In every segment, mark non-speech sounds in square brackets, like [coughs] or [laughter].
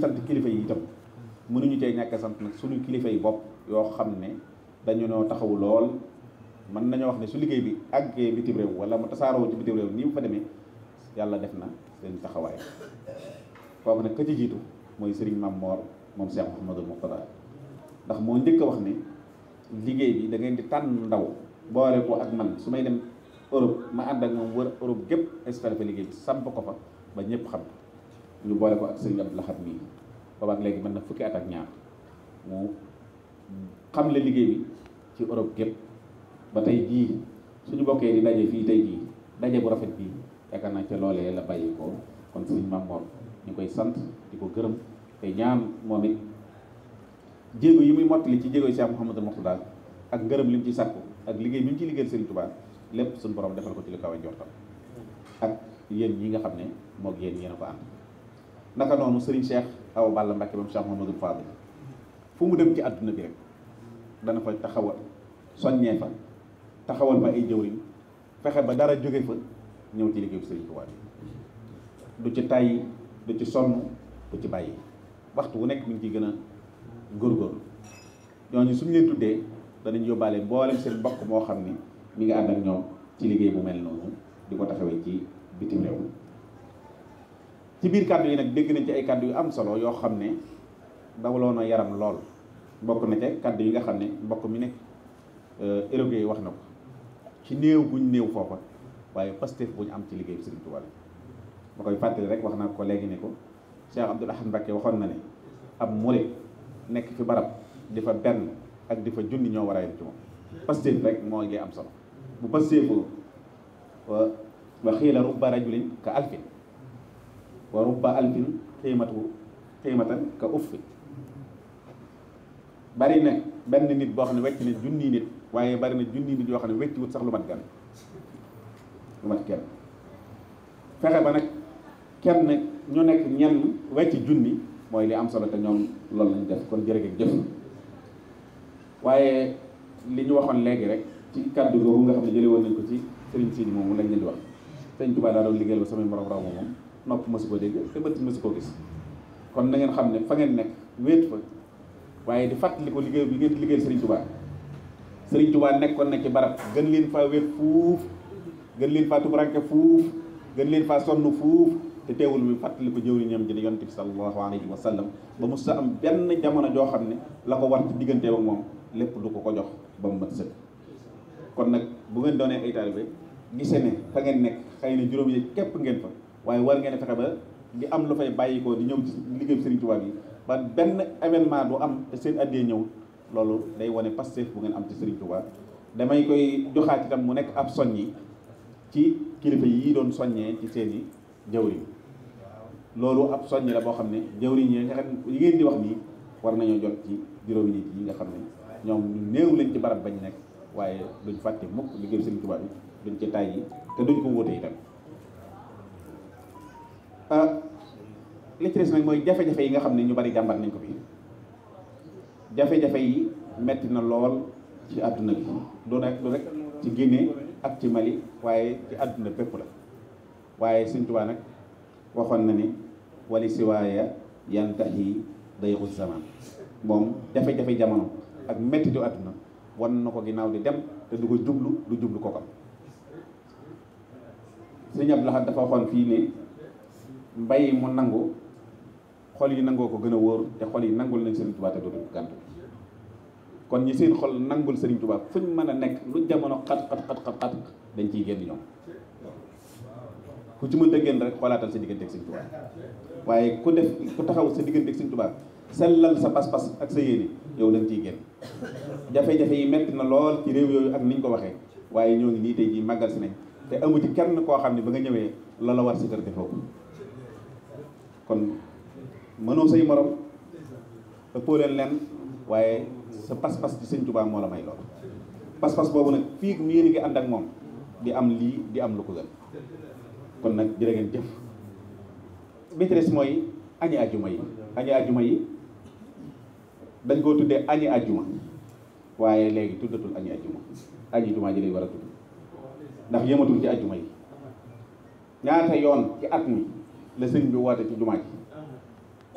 sant kilifa yi itam mënuñu cee ñàkk sant nag suñu kilifa yi bopp yoo xam ne dañu noo taxawu lool mën nañoo wax ne su liggéey bi àggee bitim réew wala mu tasaaroo ci bitim réew nii mu fa demee yàlla def na seen taxawaay foofu nag ka jiitu mooy Serigne Mame Mor moom Cheikh Mouhamadou Mourtada ndax moo njëkk wax ne liggéey bi da di tànn ndaw boole ko ak man su may dem Europe ma ànd ak moom wër Europe gépp espère fa liggéey bi samp ko fa ba ñëpp xam ñu boole ko ak sëñ Abdou Lahad mi boobaak léegi mën na fukki at ak ñaar mu xam la liggéey bi ci Europe gépp ba tey jii suñu bokkee di daje fii tey jii daje bu rafet bii yaakaar naa ca loolee la bàyyi ko kon sëñ Mame Mor ñu koy sant di ko gërëm te ñaan moom it jéego yi muy mottali ci jéego yi Cheikh Mouhamadou Mourtada ak ngërëm lim ci sàkku ak liggéey bi mu ci liggéeyal Serigne Touba lépp suñu borom defal ko ci lu kaw a njortam ak yéen ñi nga xam ne moog yéen yéen a ko ànd naka noonu Serigne Cheikh Awa Balla Mbacke moom Cheikh Mouhamadou Fadil fu mu dem ci àdduna bi rek dana fa taxawal soññee fa taxawal fa ay jëwriñ fexe ba dara jóge fa ñëw ci liggéeyu Serigne Touba bi du ci tàyyi du ci sonn du ci bàyyi waxtu wu nekk mi ngi ciy gën a góorgóorlu ñooñu suñu leen tuddee danañ yóbbaale mboolem seen mbokk moo xam ni mi ngi ànd ak ñoom ci liggéey bu mel noonu di ko taxawee ci bitim réew. ci biir kàddu yi nag dégg nañ ci ay kàddu yu am solo yoo xam ne dawaloon na yaram lool bokk na ci kàddu yi nga xam ne mbokk mi nekk éloge euh, yi wax na ko ci néew buñ néew foofa waaye Pastef bu ñu am ci liggéey Sëriñ Tuubaa ma koy fàttali rek wax naa ko léegi ne ko Cheikh Abdoul Ahad Mbacké waxoon na ne ab murit nekk fi barab di fa benn ak di fa junni ñoo war a yem ci moom Pastef rek moo ngi am solo bu Pastefoo wa xiila rubba rajulin ka alfin ورب ألف كلمة كلمة كأف بارينا بن نيت بوخني ويت ني جوني نيت واي بارينا جوني نيت يوخني ويت ووت سخ لومات گان لومات گان فخه با نك كين ني نك نين ويت جوني موي لي ام سولو تا نيوم لول لا نديف كون جيرك جيف واي لي ني وخون ليغي رك تي كادو غو nga xamne jeli won nañ ko ci serigne sidi mom lañ leen di wax serigne touba da do liggéel ba samay morom raw mom nopp mësu koo dégg te ma si koo gis kon na ngeen xam ne fa ngeen nekk wéet fa waaye di fàttali ko liggéey bi ngeen di liggéey Serigne Touba Serigne Touba nekkoon na ci barab gën leen faa wéet fuuf gën leen faa tumuranke fuuf gën leen faa sonn fuuf te teewul bi fàttali ko jëwriñam ji di yonent bi sallallahu alayhi wa sallam ba mu sa am benn jamono joo xam ne la ko war ci diggante ak moom lépp du ko ko jox ba mu mat sëkk kon nag bu ngeen doonee ay taalibe gisee ne fa juróom yi képp ngeen fa waaye war ngeen fexe ba di am lu fay bàyyikoo di ñëw ci liggéey Serigne Touba bi ba benn événement du am te seen addee ñëw loolu day wone wane Pastef bu ngeen am ci Serigne Touba damay koy joxaat itam mu nekk ab soññi ci kilifa yi doon soññee ci seen i jawriñ loolu ab soññi la boo xam ne jawriñ yi nga xam ngeen di wax nii war nañoo jot ci juróomi nit yi nga xam ne ñoom ñu néew lañ ci barab bañ nekk waaye duñ fàtte mukk liggéey Serigne Touba bi duñ ci yi te duñ ko wóote itam li ci des nag mooy jafe-jafe yi nga xam ne ñu bari jàmbat nañ ko bi jafe-jafe yi metti na lool ci àdduna bi du rek du rek ci Guinée ak ci Mali waaye ci àdduna bépp la waaye Sëñ nag waxoon na ni wali siwaaya yantahi dayru zaman moom jafe-jafe jamono ak metti du àdduna wan na ko ginnaaw di dem te du ko jublu du jublu ko kam Sëñ Abdou Lahad dafa waxoon fii ne mbay mu nangu xol yi nangoo ko gën a wóor te xol yi nangul nañ Serigne Touba te dootuñu ko gàntu kon ñi seen xol nangul tubaab Touba ñu mën a nekk lu jamono xat xat xat xat xat dañ ciy génn ñoom ku ci mënta génn rek xoolaatal sa digganteeg Serigne Touba waaye ku def ku taxaw sa digganteeg Serigne Touba sellal sa pas-pas ak sa yéene yow dañ ciy génn jafe-jafe yi metti na lool ci réew yooyu ak niñ ko waxee waaye ñoo ngi nii tey jii màggal si nañ te amu kenn koo xam ne ba nga ñëwee loola war si kër defoo kon mënoo say morom ëppoo leen lenn waaye sa pas-pas di sëñ Tuubaa moo la may loolu pas-pas boobu nag fii mu yéen a ngi ànd ak moom di am lii di am lu ko gën kon nag jërë ngeen jëf maîtresse mooy añi ajuma yi añi ajuma yi dañ koo tuddee añi ajuma waaye léegi tuddatul añi ajuma añi jumaa war a tudd ndax yëmatul ci ajuma yi ñaata yoon ci at mi la sëriñ bi woote ci jumaa ji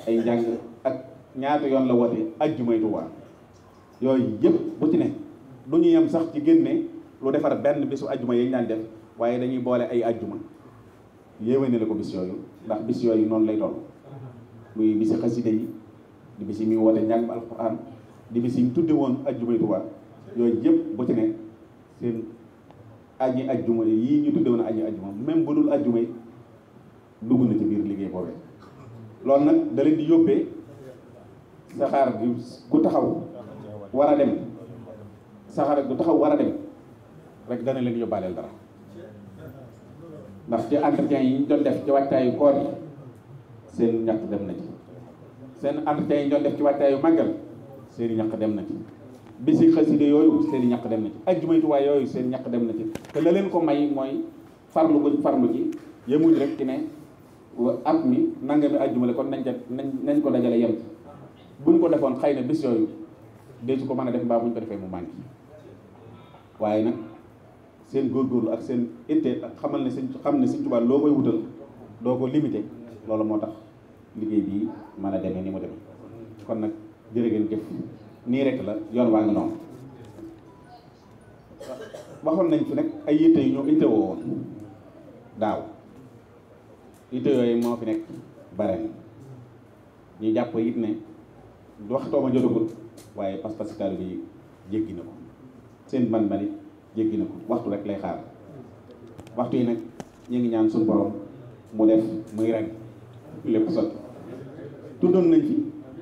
ay njàng ak ñaata yoon la woote ajjumay Tuubaa yooyu yëpp bu ci ne du ñu yem sax ci génne lu defar benn bisu ajjuma yi ñu daan def waaye dañuy boole ay ajjuma yéewee ne la ko bis yooyu ndax bis yooyu noonu lay toll muy bisi xasida yi di bisi muy woote njàng alxuraan di bisi ñu tudde woon ajjumay Tuubaa yooyu yëpp bu ci ne seen aji ajjuma yii ñu tudde woon aji ajjuma même bu dul ajjuma yi dugg na ci biir liggéey boobee lool nag da leen di yóbbee saxaar gi ku taxaw war a dem saxaar gu taxaw war a dem rek dana leen yóbbaaleel dara ndax ci entretien yi ñu doon def ci waajtaayu koor yi seen ñaq dem na ci seen entretien yi ñu doon def ci waajtaayu màggal seen i ñaq dem na ci bisi xaside yooyu seen i ñaq dem na ci ajjumay Tuubaa yooyu seen ñaq dem na ci te la leen ko may mooy farlu buñ farlu ci yemuñ rek ci ne at mi nangami àjjuma la kon nañ ca nañ nañ ko dajale yem buñ ko defoon xay na bés yooyu ko mën a def mbaa buñ ko defee mu mànki waaye nag seen góorgóorlu ak seen itte ak xamal ne seen xam ne Sëñ Tuubaa loo koy wutal doo ko limité loolu moo tax liggéey bii mën a demee ni mu demee kon nag jërë ngeen jëf nii rek la yoon waa ngi noonu waxoon nañ fi nag ay yitte yu ñoo itte woo woon daaw itu yang mau fi nekk bare ñu jàpp it ne waxtooma jotagul pas-pas taalibe yi jéggi na ko seen ban ban it jéggi waxtu rek lay xaar waxtu yi nag ñu ngi ñaan suñu borom mu def muy rek lépp sotti nañ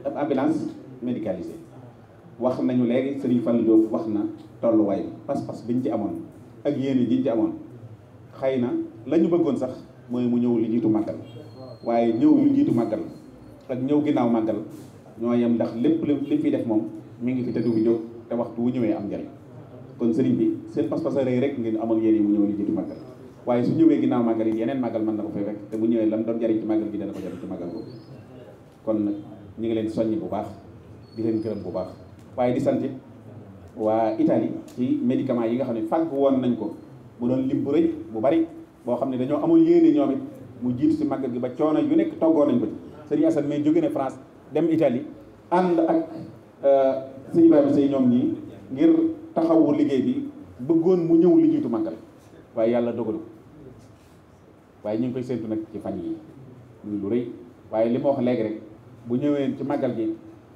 ab ambulance médicalisée wax nañu Serigne Diop wax na pas-pas biñ ci amoon ak yéene jiñ ci amoon xëy na bëggoon sax mooy mu ñëw lu jiitu màggal waaye ñëw lu jiitu màggal ak ñëw ginnaaw màggal ñoo yem ndax lépp li fi def moom mi ngi fi te du ñëw te waxtu wu ñëwee am njëriñ kon sëriñ bi seen pas-pas rëy rek ngeen amoon yéen yi mu ñëw lu jiitu màggal waaye su ñëwee ginnaaw màggal yi yeneen màggal mën na ko fay rek te bu ñëwee lam doon jariñ ci màggal gi dana ko jariñ ci màggal boobu kon nag ñu ngi leen soññ bu baax di leen gërëm bu baax waaye di sant waa Italie ci médicament yi nga xam ne fàgg woon nañ ko boo xam ne dañoo amul yéene ñoom it mu jiitu si màggal gi ba coono yu nekk toggoon nañ ko ci sëriñ Assane mais jóge na France dem Italie ànd ak euh, sëñ Ibrahima Seye ñoom ñii ngir taxawu liggéey bi bëggoon mu ñëw li jiitu màggal waaye yàlla dogalu waaye ñu ngi koy séntu nag ci fan yi lu rëy waaye li ma wax bu ñëwee ci màggal gi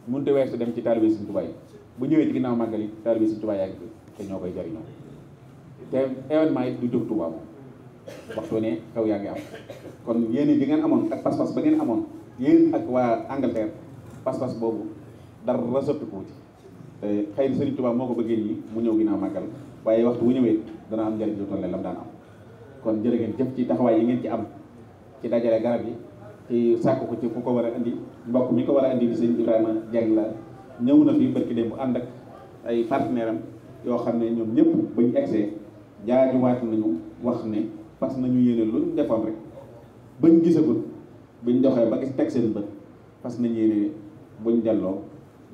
mënut a weesu dem ci taalibe Sëriñ Tuubaa yi bu ñëwee ci ginnaaw màggal yi taalibe Sëriñ Tuubaa yaa ngi te ñoo koy jariñoo te événement it du jóg Tuubaa waxtu ne kaw yaa ngi am kon yéen di ngeen amoon ak pas-pas ba ngeen amoon yéen ak wa Angleterre pas-pas dar resort ko ci te xëy serigne touba moko beugé ni mu ñew ginnaaw magal waye waxtu bu ñewé dana am njëriñ jottal lam daan am kon jërë ngeen jëf ci taxaway yi ngeen ci am ci dajale garab yi ci sakku ko ci ku ko war a mbokk mi ko war a indi Ibrahima jeng la ñew na fi barki dem bu ànd ak ay partenaire am yoo xam ne ñoom ñëpp buñu egsee jaajuwaat nañu wax ne fas nañu yéene luñ defoon rek bañ gisagul buñ doxee ba gis teg seen bët fas nañu yéene buñ delloo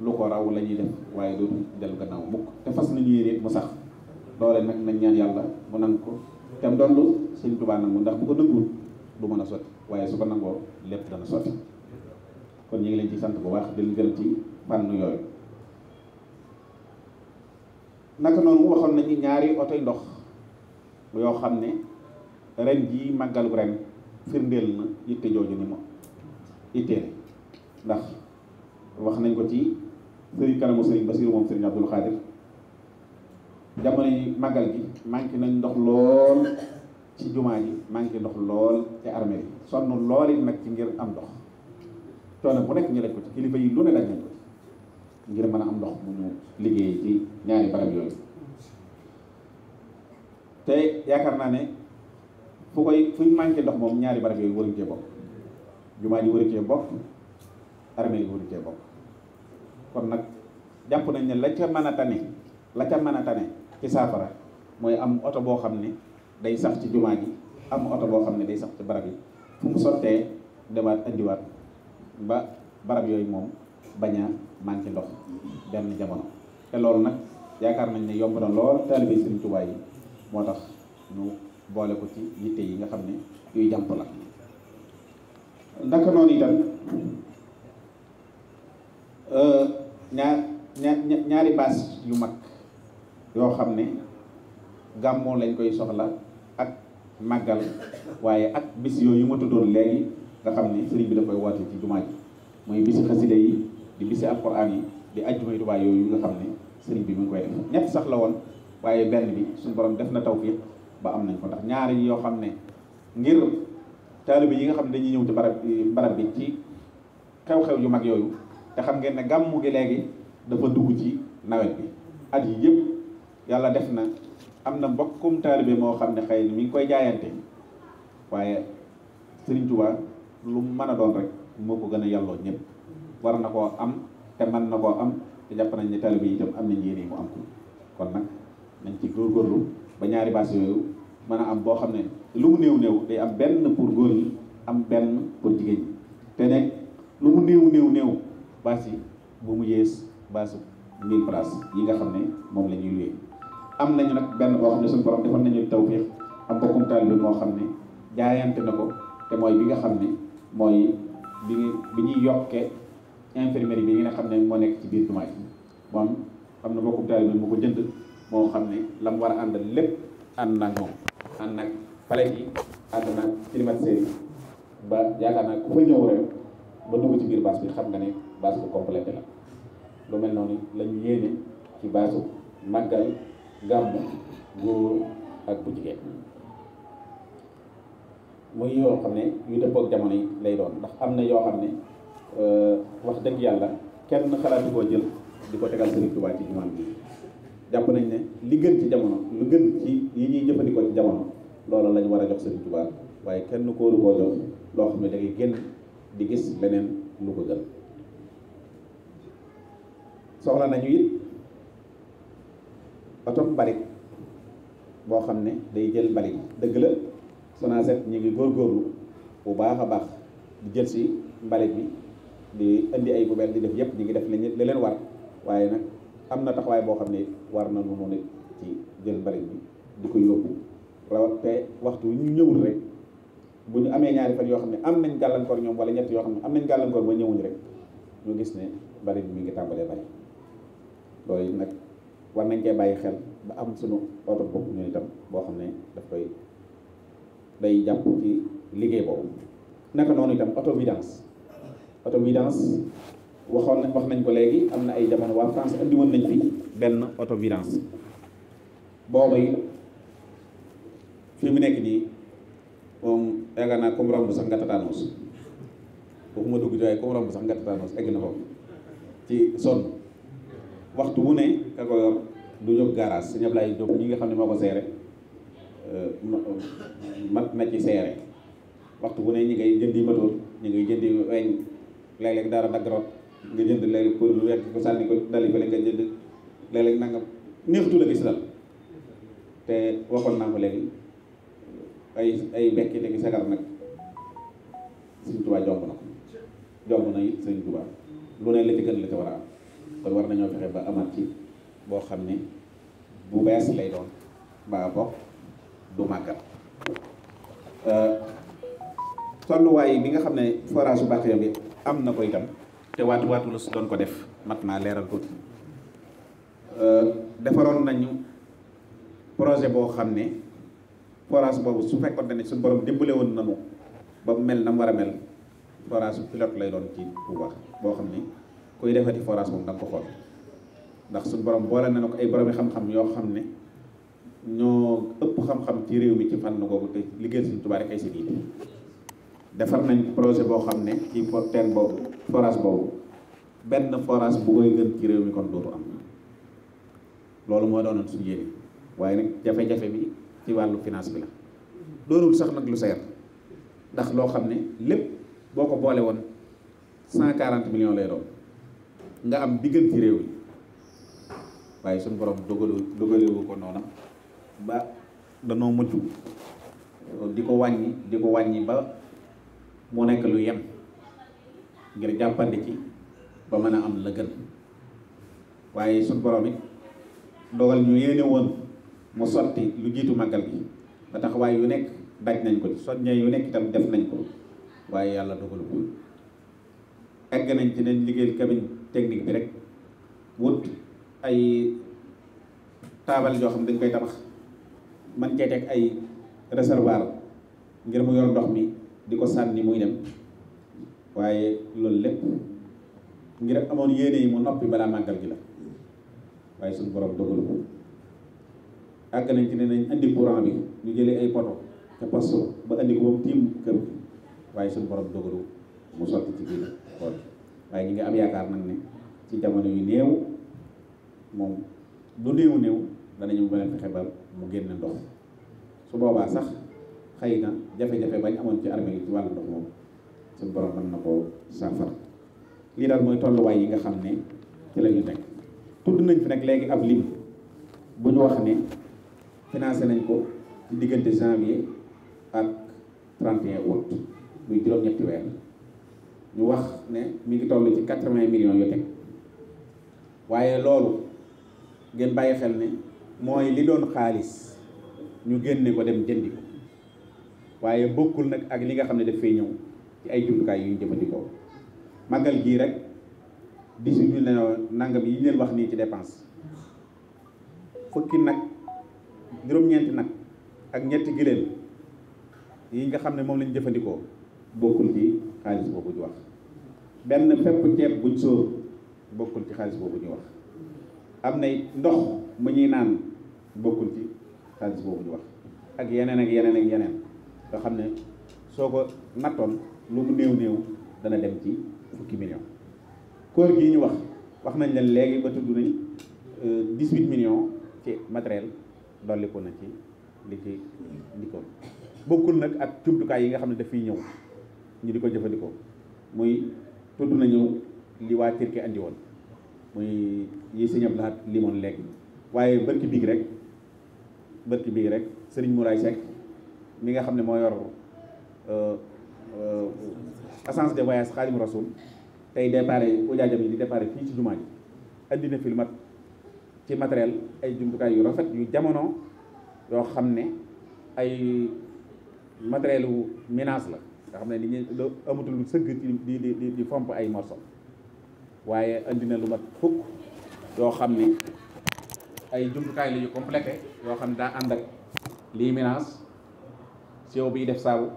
lu ko raw la ñuy def waaye dootu dellu gannaaw mukk te fas nañu yéene mu sax loole nag nañ ñaan yàlla mu nang ko te mu doon lu sëñ Tuubaa nangu ndax bu ko dëggul du mën a sotti waaye su ko nangoo lépp dana sotti kon ñu ngi leen ci sant bu baax di leen ci fànn yooyu naka noonu waxoon nañu ñaari oto ndox yoo xam ne ren jii màggalu ren firndeel na yitte jooju ni mu itteel ndax wax nañ ko ci sëriñ kanamu sëriñ Basiru moom sëriñ Abdul Xaadir jamono yi màggal gi manqué nañ ndox lool ci jumaa ji manqué ndox lool te armée yi sonn lool yi nag ci ngir am ndox coono bu nekk ñu daj ko ci kilifa yi lu ne daj nañ ko ngir mën a am ndox bu ñu liggéey ci ñaari barab yooyu te yaakaar naa ne fu koy fu ke dok ndox moom ñaari barab yooyu waru cee bokk wuri ji waru cee bokk armée yi waru cee bokk kon nak nañ ne la ca la ca ci am oto bo ne day sax ci juma ji am oto bo ne day sax ci barab yi fu mu sottee demaat andiwaat ba barab yooyu moom ndox jamono te loolu ya yaakaar nañ ne yomb na lool taalibe Sëriñ Tuubaa yi moo ñu boole ko ci yitte yi nga xam ne yuy jàmp la naka noonu itam euh, ñaar ñaar ñaari baas yu mag yoo xam ne gàmmoo lañ koy soxla ak màggal waaye ak bis yooyu ma tuddoon léegi nga xam ne sëriñ bi da koy woote ci jumaa ji mooy bisi xasida yi di bisi alquran yi di ajjumay Tuubaa yooyu nga xam ne sëriñ bi mu ngi koy def sax la woon waaye benn bi suñu borom def na taw tawfiq ba am nañ ko ndax ñaari yoo xam ne ngir taalibe yi nga xam ne dañuy ñëw ci barab barab bi ci xew-xew yu mag yooyu te xam ngeen ne gàmmu gi léegi dafa dugg ci nawet bi at yi yëpp yàlla def na am na mbokkum taalibe moo xam ne xëy mi ngi koy jaayante waaye Sëriñ Tuubaa lu mën a doon rek moo ko gën a yàlloo ñëpp war na koo am te mën na koo am te jàpp nañ ne taalibe yi itam am nañ yéene mu am ko kon nag nañ ci góorgóorlu ba ñaari baas yooyu man a am boo xam ne lu mu néew néew day am benn pour góor yi am benn pour jigéen ñi te nekk lu mu néew néew néew baas yi bu mu yées baasu mille place yi nga xam ne moom la ñuy am nañu nag benn boo xam ne suñu borom defoon nañu tawfeex am bokkum taalibe moo xam ne jaayante na ko te mooy nga xam ne mooy bi bi ñuy yokkee infirmerie bi nga xam ne moo nekk ci biir jumaa ji moom am na bokkum taalibe mu ko jënd moo xam ne la mu war a àndal lépp ànd na ko ànd nag palette yi ànd nag climatiseur yi ba yaakaar naa ku fa ñëw rek ba dugg ci biir bâche bi xam nga ni baas bu complète la lu mel noonu lañu yéene ci bâche màggal gàmmu góor ak bu jigéen muy yoo xam ne yu dëppook jamono yi lay doon ndax am na yoo xam ne euh, wax dëgg yàlla kenn xalaatu koo jël di ko tegal Sëriñ Tuubaa ci jumaan bi jàpp nañ ne li gën ci jamono lu gën ci yi ñuy jëfandikoo ci jamono looloo lañ war a jox Sëriñ Tuubaa waaye kenn kóolu koo jox loo xam ne da génn di gis leneen lu ko gën nañu it oto mbalit boo xam ne day jël mbalit dëgg la Sonacet ñu ngi góor góorlu bu baax a baax di jël si mbalit bi di indi ay poubelle di def yëpp ñu ngi def li leen war waaye nag am na taxawaay boo xam ne war na nu ne ci jël bari bi di ko yóbbu rawat waxtu ñu ñëwul rek bu ñu amee ñaari fan yoo xam ne am nañ gàllankoor ñoom wala ñett yoo xam ne am nañ gàllankoor ba ñëwuñ rek ñu gis ne mbalit bi mu ngi tàmbalee bari loolu it nag war nañ koy bàyyi xel ba am suñu oto boobu ñu itam boo xam ne daf koy day jàpp ci liggéey boobu naka noonu itam oto vidance auto vidance waxon nañ wax nañ ko léegi amna ay jamono wa France andi won nañ fi ben auto booba yi fi mu nekk nii moom yaakaar naa comme romb sax nga tataanos waxuma dugg ci waaye comme romb sax nga tataanos egg na ko ci son waxtu wu ne ka ko yor du jog garage seigne ablay Diop ñi nga xamni ne moo euh mat na ci seere waxtu bu ne ñi ngay jëndi matoor ñi ngay jëndi wéñ lay lay dara dagrot nga jënd léeg-léeg pour lu wekk ko sànni la gis daal te waxoon naa ko léegi ay ay mbekki te gi sagar nag Sëñ Tuubaa jomb na ko jomb na it Sëñ Tuubaa lu ne la ci la ci war a kon war nañoo fexe ba amaat ci boo xam ne bu bees lay doon baa bokk du màggat euh, tolluwaay bi nga xam ne forage bu bi am na ko itam te waatu waatu la su doon ko def mat naa leeral ko euh, defaroon nañu projet boo xam ne forage boobu su fekkoon ne suñu borom dimbale woon nanu ba mu mel na mu war a mel forage bu pilote lay doon ci Touba boo xam ne kuy defar forage moom da nga ko xool ndax suñu borom boole na ko ay borom xam-xam yoo xam ne ñoo ëpp xam-xam ci réew mi ci fànn googu te liggéeyal suñu Touba rek ay si defar nañ projet boo xam ne ci teen boobu. foras bobu ben foras bu koy gën ci réew mi kon dootu am lolu mo doon suñu yéne waye nak jafé jafé bi ci walu finance bi la sax nak lu seer ndax lo xamné lepp boko bolé won 140 millions lay doon nga am bi gën ci réew mi waaye suñu borom dogalu dogalé ko nona ba danoo mujj di ko wàññi di ba mo nek lu yem ngir jappandi ci ba mën am leugal waye sun borom it dogal ñu yene won mu sotti lu jitu magal bi ba taxawaay yu nek daj nañ ko ci yu nek tam def nañ ko waye yalla dogal ko egg nañ ci nañ liggéeyal cabine technique bi rek wut ay tabal jo xam dañ koy tabax man cee tek ay reservoir ngir mu yor ndox mi di sanni muy dem waaye loolu lépp ngir amoon yéene yi mu noppi balaa màggal gi la waaye suñ borom dogal ko àgg nañ ci ne nañ indi courant bi ñu jëlee ay poto te passo ba andi ko moom tiim kër gi waaye suñu borom dogalu mu sotti ci biir xool waaye ñi nga am yaakaar nag ne ci jamono yu néew moom du néew néew danañu mën a fexe ba mu génn ndox su boobaa sax xëy na jafe-jafe bañ amoon ci armée yi ci wàllu ndox moom suñu na ko saafara lii daal mooy tolluwaay yi nga xam ne ci la ñu teg tudd nañ fi nag léegi ab lim bu ñu wax ne financé nañ ko ci diggante janvier ak 31 août muy juróom-ñetti weer ñu wax ne mi ngi toll ci 80 millions yu teg waaye loolu ngeen bàyyi xel ne mooy li doon xaalis ñu génne ko dem jëndi ko waaye bokkul nag ak li nga xam ne daf fay ñëw ci ay jumtukaay yu ñu jëfandikoo màggal gii rek dix-huit mille nangam yi ñu leen wax nii ci dépense fukki nag juróom-ñeenti nag ak ñetti giléem yi nga xam ne moom lañ jëfandikoo bokkul ci xaalis boobu ñu wax benn fepp ceeb buñ sóor bokkul ci xaalis boobu ñu wax am na ndox mu ñuy naan bokkul ci xaalis boobu ñu wax ak yeneen ak yeneen ak yeneen nga xam ne soo ko nattoon lu mu néew néew dana dem ci fukki million koor gii ñu wax wax nañ leen léegi ba tudd nañ 18 euh, millions ci matériel dolliku na ci li ci dikkoon bokkul nag ak jumtukaay yi nga xam ne dafay ñëw ñu di ko jëfandikoo muy tudd nañu li waa Turquie andi woon muy yi sëñ Abdou Lahad limoon léegi waaye bërki biig rek bërki biig rek Serigne Mouraye Seck mi nga xam ne moo yor euh, Euh, agence de voyage Xaadimu Rasuul tey déparé ujaajam yi di déparé fii ci jumaa ji andi fi lu mat ci matériel ay jumtukaay yu rafet yu jamono yoo xam ne ay matériel wu ménage la nga xam ne ni ñu amatul sëgg ci di di di fomp ay morso waaye andi lu mat fukk yoo xam ne ay jumtukaay la yu complété yoo xam ne daa ànd ak lii ménage sew biy def saabu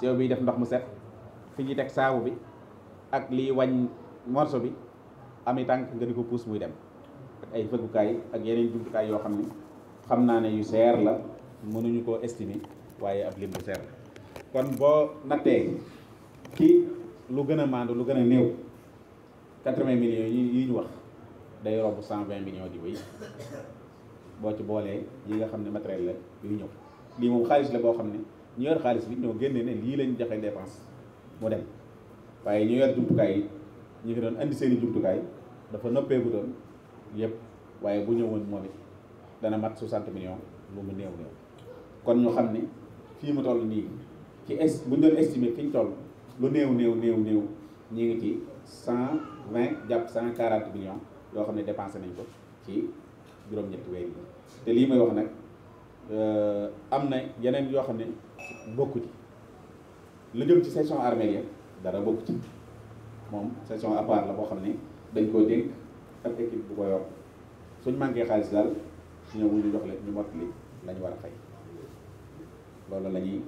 siwo bi def ndox mu set fi ñuy teg saabu bi ak lii wañ morso bi ami tànk nga di ko puus muy dem ak ay fëggukaay ak yeneen jumtukaay yoo xam ni xam naa ne yu seer la mënuñu koo estimer waaye ab lim bu seer la kon boo nattee ki lu gën a maandu lu gën a néew quatre-vingts millions yi ñu wax day romb cent vingt millions di wéy boo ci boolee yi nga xam ne matériel la yuy ñëw lii moom xaalis la boo xam ne ñu yor xaalis bi ñoo génnee ne lii lañ joxe dépense mu dem waaye ñu yor jumtukaay yi ñu ngi doon indi seen i jumtukaay dafa bu doon yépp waaye bu ñëwoon moom it dana mat 60 millions lu mu néew néew kon ñu xam ne fii mu toll nii ci est bu ñu doon estimer fi ñu toll lu néew néew néew néew ñu ngi ci cent 120 jàpp cent 140 millions yoo xam ne dépensé nañ ko ci juróom-ñetti weer te lii may wax nag. Euh, am na yeneen yoo xam ne bokku ci lu jëm ci section armée ya dara bokku ci moom section à la boo xam ne dañ koo dénk ak équipe bu ko yor suñ manqué xaalis daal ñoom ñu jox leen ñu mot li lañu war a fay loolu la ñuy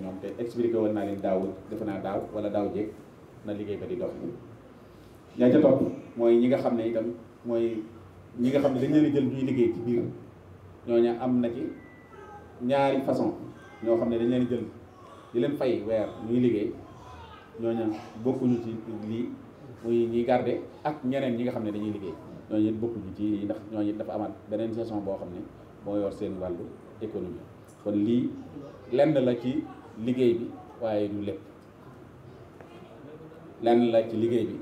ñoom te expliqué woon naa leen daawul defe naa daaw wala daaw jéeg na liggéey ba di dox ñaa ca topp mooy ñi nga xam ne itam mooy ñi nga xam ne dañ leen jël ñuy liggéey ci biir ñooñu am na ci ñaari façon ñoo xam ne dañ leen jël di leen fay weer ñuy liggéey ñooñu bokkuñu ci lii muy ñuy garde ak ñeneen ñi nga xam ne dañuy liggéey ñooñu it bokkuñu ci ndax ñooñu it dafa amaat beneen saison boo xam ne moo yor seen wàllu économie kon lii lenn la ci liggéey bi waaye du lépp lenn la ci liggéey bi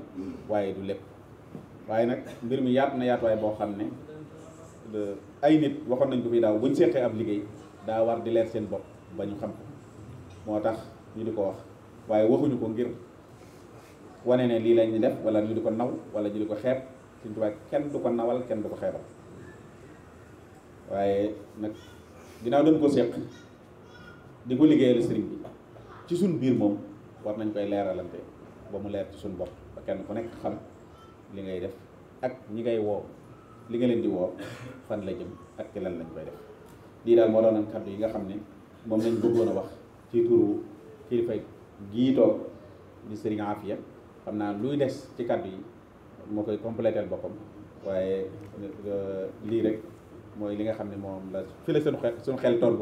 waaye du lépp waaye nag mbir mi yaatu na yaatuwaay boo xam ne euh, ay nit waxoon nañ ko fi daaw buñ seqee ab liggéey daa war di leer seen bopp ba ñu xam ko moo tax ñu di ko wax waaye waxuñu ko ngir wane ne lii la ñu def wala ñu di ko naw wala ñu di ko xeet xeeb Sëñ Tuubaa kenn du ko nawal kenn du ko xeebal waaye nag ginnaaw dañ ko séq di ko liggéeyal sëriñ bi ci suñ biir moom war nañ koy leeralante ba mu leer ci suñ bopp ba kenn ku nekk xam li ngay def ak ñi ngay woo li nga leen di woo fan la jëm ak ci lan lañ koy def lii daal moo doonoon kàddu yi nga xam ne moom lañ bëggoon a wax ci turu kilifa gii toog di sëriñ Afia xam naa luy des ci kàddu yi moo koy compléteel boppam waaye euh, lii rek mooy li nga xam ne moom la fi la seen xel suñu xel toll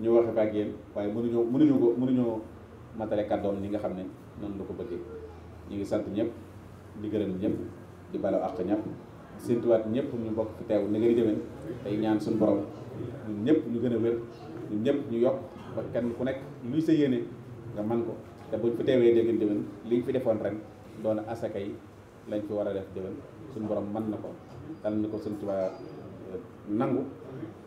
ñu waxe fa ak yéen waaye mënuñoo mënuñu ko mënuñoo matale kàddoom ni nga xam ne noonu la ko bëggee ñu ngi sant ñépp di gërëm ñëpp di balaw àq ñëpp séntuwaat ñëpp ñu bokk fi teew ni ngay déwén tey ñaan suñu borom ñun ñëpp ñu gën a wér ñun ñëpp ñu yokk ba kenn ku nekk luy sa yéene nga man ko te buñ fi teewee dégg déwén liñ fi defoon ren doon asaka yi lañ fi war a def déwén suñu borom man na ko dal ko suñ tubaa eh, nangu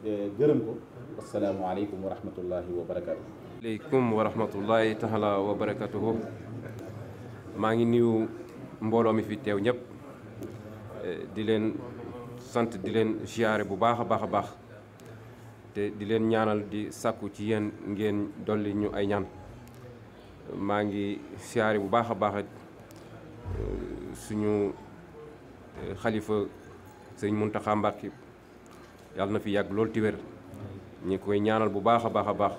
eh, gërëm ko wasalaamualeykum wa rahmatullahi wa barakatuh aleykum wa rahmatullahi taala wa barakatuhu maa ngi nuyu mbooloo mi fi teew ñëpp di leen sant di leen ziyaare bu baax a baax a baax te di leen ñaanal di sàkku ci yenn ngeen dolli ñu ay ñaan maa ngi ziyaare bu baax a baax euh, suñu euh, xalifa sëñ Muntaxa Mbàkke yàlla na fi yàgg lool ti wér ñi koy ñaanal bu baax a baax a baax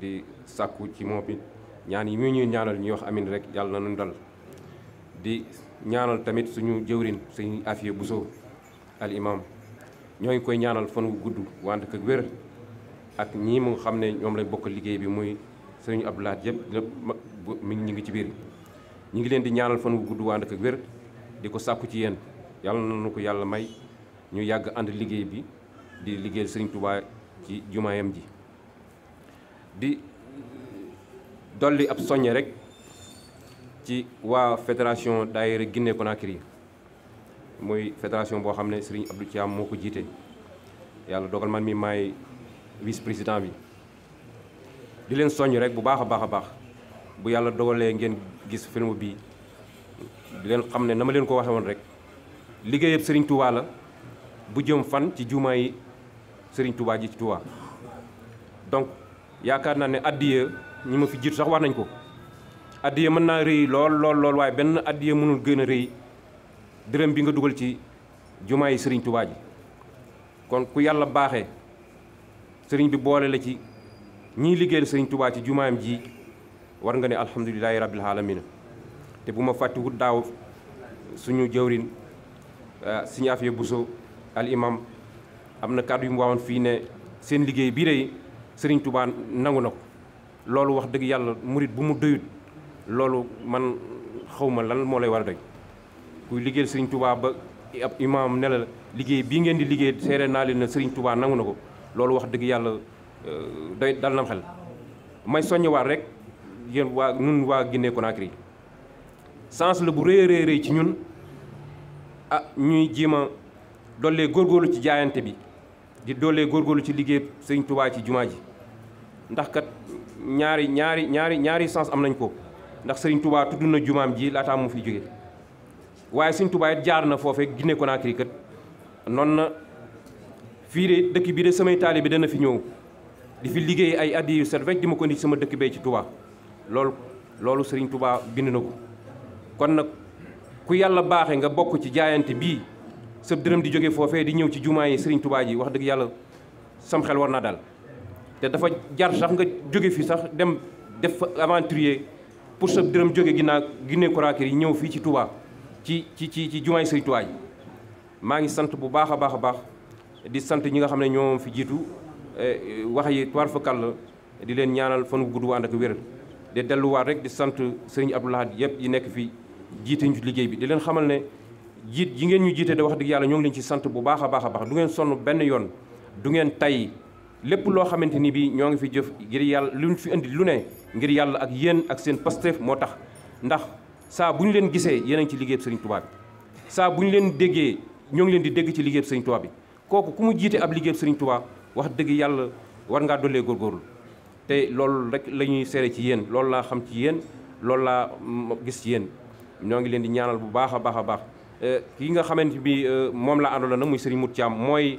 di sàkku ci moom bi ñaan yi mu ñuy ñaanal ñuy wax amin rek yàlla na ñu dal di ñaanal tamit suñu jëwrin suñu afiya Bousso al ñoo ngi koy ñaanal fan wu gudd wante ak wér ak ñii mu xam ne ñoom lañ bokk liggéey bi muy sëriñ Abdou Lahad yëpp lépp ñu ngi ci biir ñu ngi leen di ñaanal fan wu gudd wante ak wér di ko sàkku ci yéen yàlla nañu ko yàlla may ñu yàgg ànd liggéey bi di liggéeyal sëriñ Touba ci jumaayam ji di dolli ab soññe rek ci waa federation daayira Guinée Conakry muy federation bo xam ne Serigne Abdou Thiam Ya ko jiite dogal man mi maay vice président bi di leen soññ rek bu ya a baax bu ngeen gis film bi di leen xam ne na ma ko waxee rek liggéey Serigne Touba la bu jëm fan ci jumaa yi Serigne Touba ji ci Touba donc yaakaar ne addiya ñi ma fi jiitu sax nañ ko addiya mën na reuy lol lool lool waaye benn addiya mënul gën a rëy dërëm bi nga dugal ci jumaa yi sëriñ Tuubaa ji kon ku yàlla baaxee sëriñ bi boole la ci ñiy liggéeyal sëriñ Tuubaa ci jumaayam ji war nga ne alhamdulilahi rabbil alamina te bu ma wut daaw suñu jëwrin euh, sëriñ afiye Buso al imam am na kàddu yu mu waawoon fii ne seen liggéey bii day sëriñ Tuubaa nangu na wax dëgg yàlla murit bu mu doyut loolu man xawma lan moo lay war a doy kuy liggéeyal Serigne Touba ba ab imaam nela la liggéey bii ngeen di liggéey seere naa leen na Serigne Touba nangu na ko loolu wax dëgg yàlla euh, doy dal nam xel may soññewaat rek yéen waa nun ko Guinée Conakry sens la bu rëy rëy rëy ci ñun a ah, ñuy jéem a góor góorlu ci jaayante bi di dollee góorgóorlu ci liggéey Serigne Touba ci jumaa ji ndax kat ñaari ñaari ñaari ñaari sens am nañ ko ndax Serigne tubaa tudd na jumaam ji laataa mu fi jóge waaye Serigne Touba jaar na foofee Guinée Conakry kat noon na fii de dëkk bi de samay taalibe dana fi ñëw di fi liggéey ay addi yu set wecc di ma ko indi sama dëkk bee ci Touba loolu loolu Serigne Touba bind na ko kon nag ku yàlla baaxe nga bokk ci jaayante bii sa dërëm di jóge foofe di ñëw ci jumaa yi sëriñ tubaa ji wax dëgg yàlla sam xel war na daal te dafa jar sax nga jóge fi sax dem def aventurier pour sa dërëm jóge ginnaaw Guinée Conakry yi ñëw fii ci tubaa ci ci ci ci jumaay Sëriñ Touba maa ngi sant bu baax a baax a baax di sant ñi nga xam ne ñoom fi jiitu eh, wax yi toir fa kàll di leen ñaanal fan wu gudd ànd ak wéral de delluwaat rek di sant sëriñ Abdou Lahad yëpp yi nekk fi jiite ñu liggéey bi di leen xamal ne jiit yi ngeen ñu jiite da wax dëgg yàlla ñoo ngi leen ci sant bu baax a baax a baax du ngeen sonn benn yoon du ngeen tay lépp loo xamante ni bii ñoo ngi fi jëf ngir yàlla lu ñu fi indi lu ne ngir yàlla ak yéen ak seen Pastef moo tax ndax saa bu ñu leen gisee yéen ci liggéeyub Serigne tubaab bi saa bu ñu leen déggee ñoo ngi leen di dégg ci liggéeyub Serigne Touba bi kooku ku mu jiite ab liggéeyub Serigne Touba wax dëgg yàlla war ngaa dolee góorgóorlu te loolu rek lañuy sere ci yéen loolu laa xam ci yéen loolu laa mm, gis ci yéen ñoo ngi leen di ñaanal bu baax a baax a baax eh, kii nga xamante bi eh, moom la àndoon na muy Serigne Mout Thiam mooy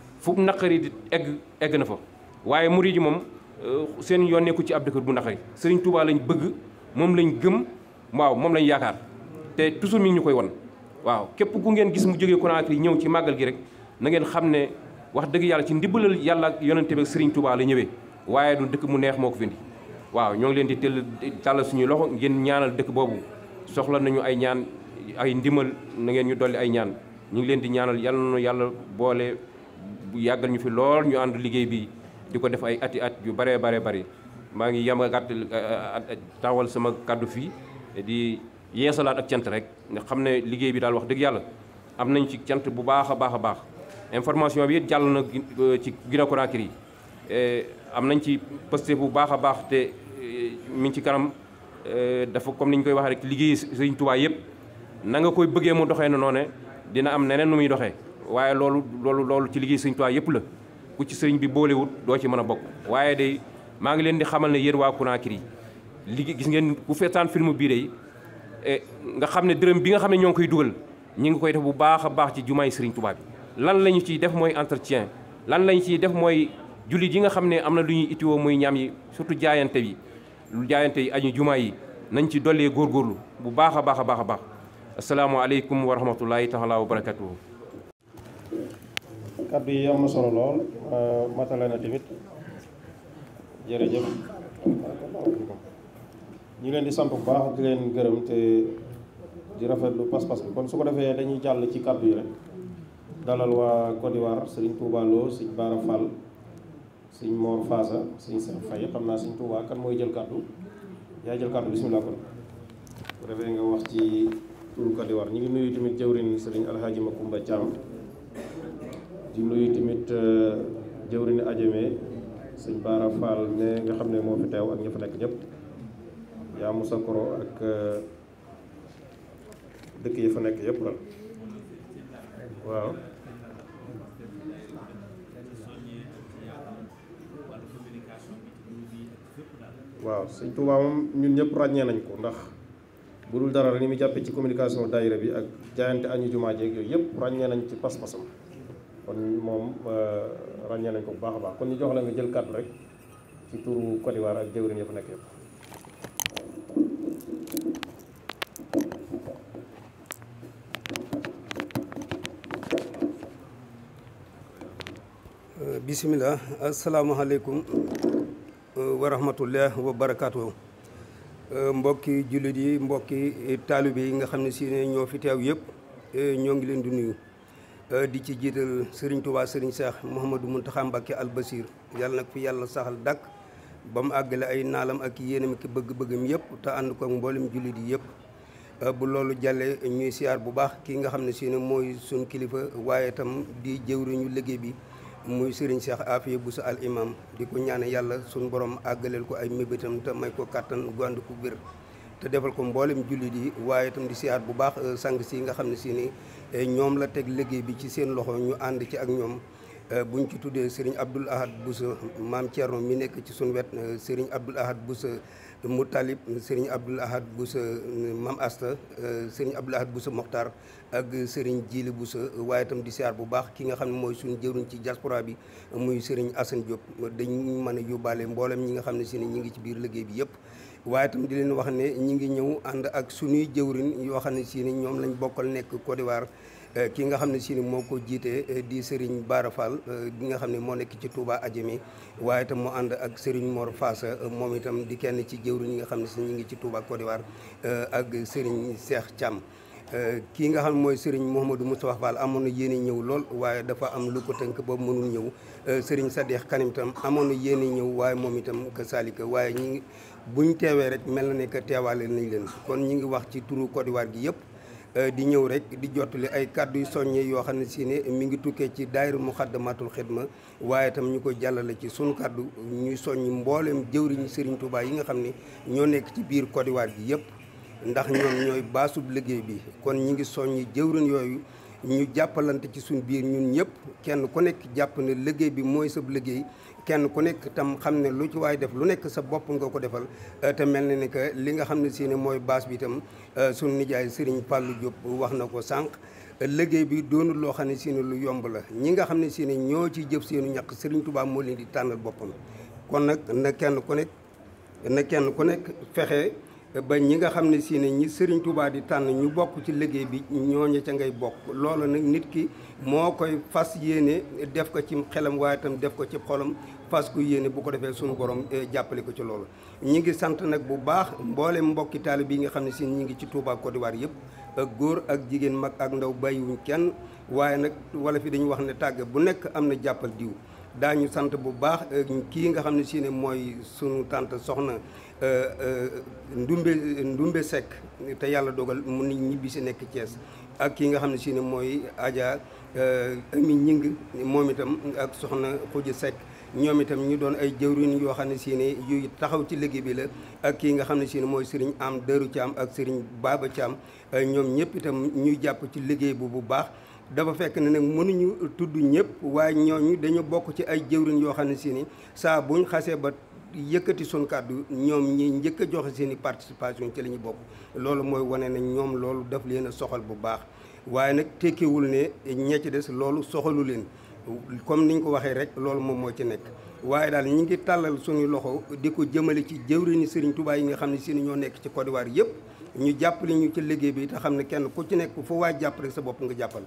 fu naqari di egg egg na fa waaye murid yi moom euh, seen yoon nekku ci ab dëkk bu naqari Serigne Touba lañ bëgg moom lañ gëm waaw moom lañ yaakaar te toujours mi ñu koy won waaw képp ku ngeen gis mu jógee Conakry ñëw ci màggal gi rek nangeen xam ne wax dëgg yàlla ci ndimbalal yàlla ak yonente bi Serigne Touba la ñëwee waaye du dëkk mu neex moo ko fi indi waaw ñoo ngi leen di tëll tàllal suñuy loxo ngeen ñaanal dëkk boobu soxla nañu ay ñaan ay ndimal na ngeen ñu dolli ay ñaan ñu leen di ñaanal yàlla na yàlla bu yàggal ñu fi lool ñu ànd liggéey bi di ko def ay ati at yu bare bare bari maa ngi yam a gàtt euh, euh, taawal sama kàddu fii di yeesalaat ak cant rek nga xam ne liggéey bi daal wax dëgg yàlla am nañ ci cant bu baax a baax a baax information bi it jàll na euh, ci Guinée Conakry am nañ ci posté bu baax a baax te mi ngi ci kanam dafa comme ni ñu koy waxee rek liggéey Sëriñ yëpp na nga koy bëggee mu doxee na noone dina am neneen nu muy doxee waaye loolu loolu loolu ci liggéey sëñ Tuubaa yëpp la ku ci sëriñ bi boolewut doo ci mën a bokk waaye day maa ngi leen di xamal ne yér waa Conakry liggéey gis ngeen ku feetaan film bii day eh, nga xam ne dërëm bi nga xam ne ñoo ngi koy dugal ñu ngi koy def bu baax a baax ci jumaay sëriñ Tuubaa bi lan la ñu ciy def mooy entretien lan lañ ciy def mooy jullit yi nga xam ne am na lu ñuy itiwoo muy ñam yi surtout jaayante bi lu jaayante yi añu jumaa yi nañ ci dollee góorgóorlu bu baax a baax a baax a baax asalaamaaleykum wa rahmatullahi taala wa barakatuhu kaddu yi am solo lol euh matalena timit jere jërëjëf ñu leen di sant bu baax di leen gëreum te di rafetlu pas pass bi kon su ko defee dañuy jall ci kaddu yi rek dalal wa Côte d'Ivoire Serigne Touba Lo sëriñ Bara Fall Serigne Mor Faasa Serigne Seex Faye xamna Serigne Touba kan moy jël kaddu ya jël kaddu bismillah kon bu defee nga wax ci turu Côte d'Ivoire ñi ngi nuyu timit jëwrin Serigne Alhaji Makumba Caam di nuyu tamit euh, jëwriñu Adjamé sëñ Baara Fall ne nga xam ne moo fi teew ak ña fa nekk ñëpp yaa Moussa Koro ak euh, dëkk yi fa nekk yëpp la waaw. waaw sëñ Touba moom ñun ñëpp ràññee nañ ko ndax bu dul dara ni mu jàppee ci communication daayira bi ak jaayante añu jumaa jeeg yooyu yëpp ràññee nañ ci pas-pasam. kon moom ràññee nañ ko bu baax a baax kon ñu jox la nga jël kàddu rek ci turu Côte d'Ivoire ak jëwriñ ya fa nekk yëpp. bisimilah asalaamaaleykum euh, wa rahmatullah wa barakaatu euh, mbokki jullit yi mbokki taalibe nga xam si ñoo fi teew yëpp euh, ñoo ngi leen di nuyu. Euh, di ci jiital Serigne Touba Serigne Cheikh Mouhamadou Mountakha Mbacké Al Basir yàlla nag fi yàlla saxal dàkk ba mu àggale ay naalam ak yéenam ki bëgg-bëggam yëpp te ànd ko ak mboolem jullit yi yëpp. Euh, bu loolu jàllee ñuy siyaar bu baax ki nga xam ne si mooy suñ kilifa waaye itam di jëwriñu liggéey bi muy Serigne Cheikh Afia Bousso al imam ko ñaan yàlla suñ borom àggaleel ko ay mébétam te may ko kàttan gu ànd ko wér te defal ko mboolem jullit yi waaye itam di siyaar bu baax euh, sang si nga xam ne si ni Eh, ñoom la teg liggéey bi ci seen loxo ñu ànd ci ak ñoom eh, buñ ci tuddee Serigne Abdoul Ahad Boussa maam Thierno mi nekk ci suñu wet eh, Serigne Abdoul Ahad Boussa Moutalib Serigne Abdoul Ahad Boussa maam Asta Serigne Abdoul Ahad Boussa Mokhtar ak Serigne bu sa waaye itam di siyaar bu baax ki nga xam ne mooy suñ jëruñ ci diaspora bi muy Serigne Assane Diop dañ mën a yóbbaale mboolem ñi nga xam ne si ne ñi ngi ci biir liggéey bi yëpp waaye itam di leen wax ne ñi ngi ñëw ànd ak suñuy jëwrin yoo xam ne si ni ñoom lañ bokkal nekk Côte d'Ivoire eh, ki nga xam ne si ni moo ko jiitee eh, di Serigne Bara Fall bi eh, nga xam ne moo nekk ci Touba Adjemi waaye itam mu ànd ak Serigne Mor Faasa moom itam di kenn ci jëwriñ yi nga xam ne si ñu ngi ci Touba Côte d'Ivoire ak Serigne Cheikh Thiam kii nga xam mooy Serigne Mouhamadou Moustapha Fall amoon na yéene ñëw lool waaye dafa am lu ko tënk ba mënul ñëw Serigne Sadeex Kanam itam amoon na yéene ñëw waaye moom itam ka saalika waaye ñi bu ñu teewee rek mel na ne que teewaale nañ leen kon ñu ngi wax ci turu Côte gi yëpp euh, di ñëw rek di jottali ay kàddu yu yoo xam ne si ne mi ngi tukkee ci daayira Muxaddamatul Xidma waaye itam ñu ko jàllale ci sunu kàddu ñuy soññ mbooleem jëwriñu Serigne Touba yi nga xam ne ñoo nekk ci biir Côte gi yëpp ndax ñoom ñooy baasub liggéey bi kon ñu ngi soññ jëwriñ yooyu ñu jàppalante ci suñu biir ñun ñëpp kenn ku nekk jàpp ne liggéey bi mooy sab liggéey kenn ku nekk tam xam ne lu ci waay def lu nekk sa bopp nga ko defal euh, te mel na ni que li nga xam ne si ne mooy baas bi itam euh, sunu nijaay Serigne Fallou Diop wax na ko sànq liggéey bi doonul loo xam ne si lu yomb la ñi nga xam ne si ñoo ci jëf seenu ñàkk Serigne Touba moo leen di tànnal boppam kon nag na kenn ku nekk na kenn ku nekk fexe. ba ñi nga xam ne si ne ñi Serigne Touba di tànn ñu bokk ci liggéey bi ñooñu ca ngay bokk loolu nag nit ki moo koy fas yéene def ko ci xelam waaye itam def ko ci xolam fas ko yéene bu ko defee suñu borom eh, jàppale ko ci loolu. ñi ngi sant nag bu baax mboolem mbokki taalibe bi nga xam ne si ñi ngi ci Touba Côte d'Ivoire yëpp ak góor ak jigéen mag ak ndaw bàyyiwuñ kenn waaye nag wala fi dañuy wax ne tàgg bu nekk am na jàppal diw. daañu sant bu baax eh, kii nga xam ne si mooy sunu tante soxna Euh, euh, Ndumbe Ndumbe Seck te yàlla dogal mu nit ñibbi si nekk cees ak kii nga xam ne si ne mooy Adja euh, Ami Ñing moom itam ak soxna Xuja Seck ñoom itam ñu doon ay jëwriñ yoo xam ne si ne yuy taxaw ci liggéey bi la ak kii nga xam ne si mooy sëriñ am dëru Thiam ak sëriñ Baba Thiam ñoom ñëpp itam ñuy jàpp ci liggéey bu bu baax dafa fekk ne nag mënuñu tudd ñëpp waaye ñooñu dañu bokk ci ay jëwriñ yoo xam ne si ni saa buñ xasee ba yëkkati suñ kàddu ñoom ñi njëkk a joxe seen i participation ci la ñu bokk loolu mooy wane ne ñoom loolu daf leen a soxal bu baax waaye nag tekkiwul ne ña ci des loolu soxalu leen comme ni ñu ko waxee rek loolu moom moo ci nekk waaye daal ñi ngi tàllal suñu loxo di ko jëmale ci jëwriñu Serigne Touba yi nga xam ne seen ñoo nekk ci Côte d'Ivoire yëpp ñu jàppale ñu ci liggéey bi te xam ne kenn ku ci nekk foo waa jàpp sa bopp nga jàppal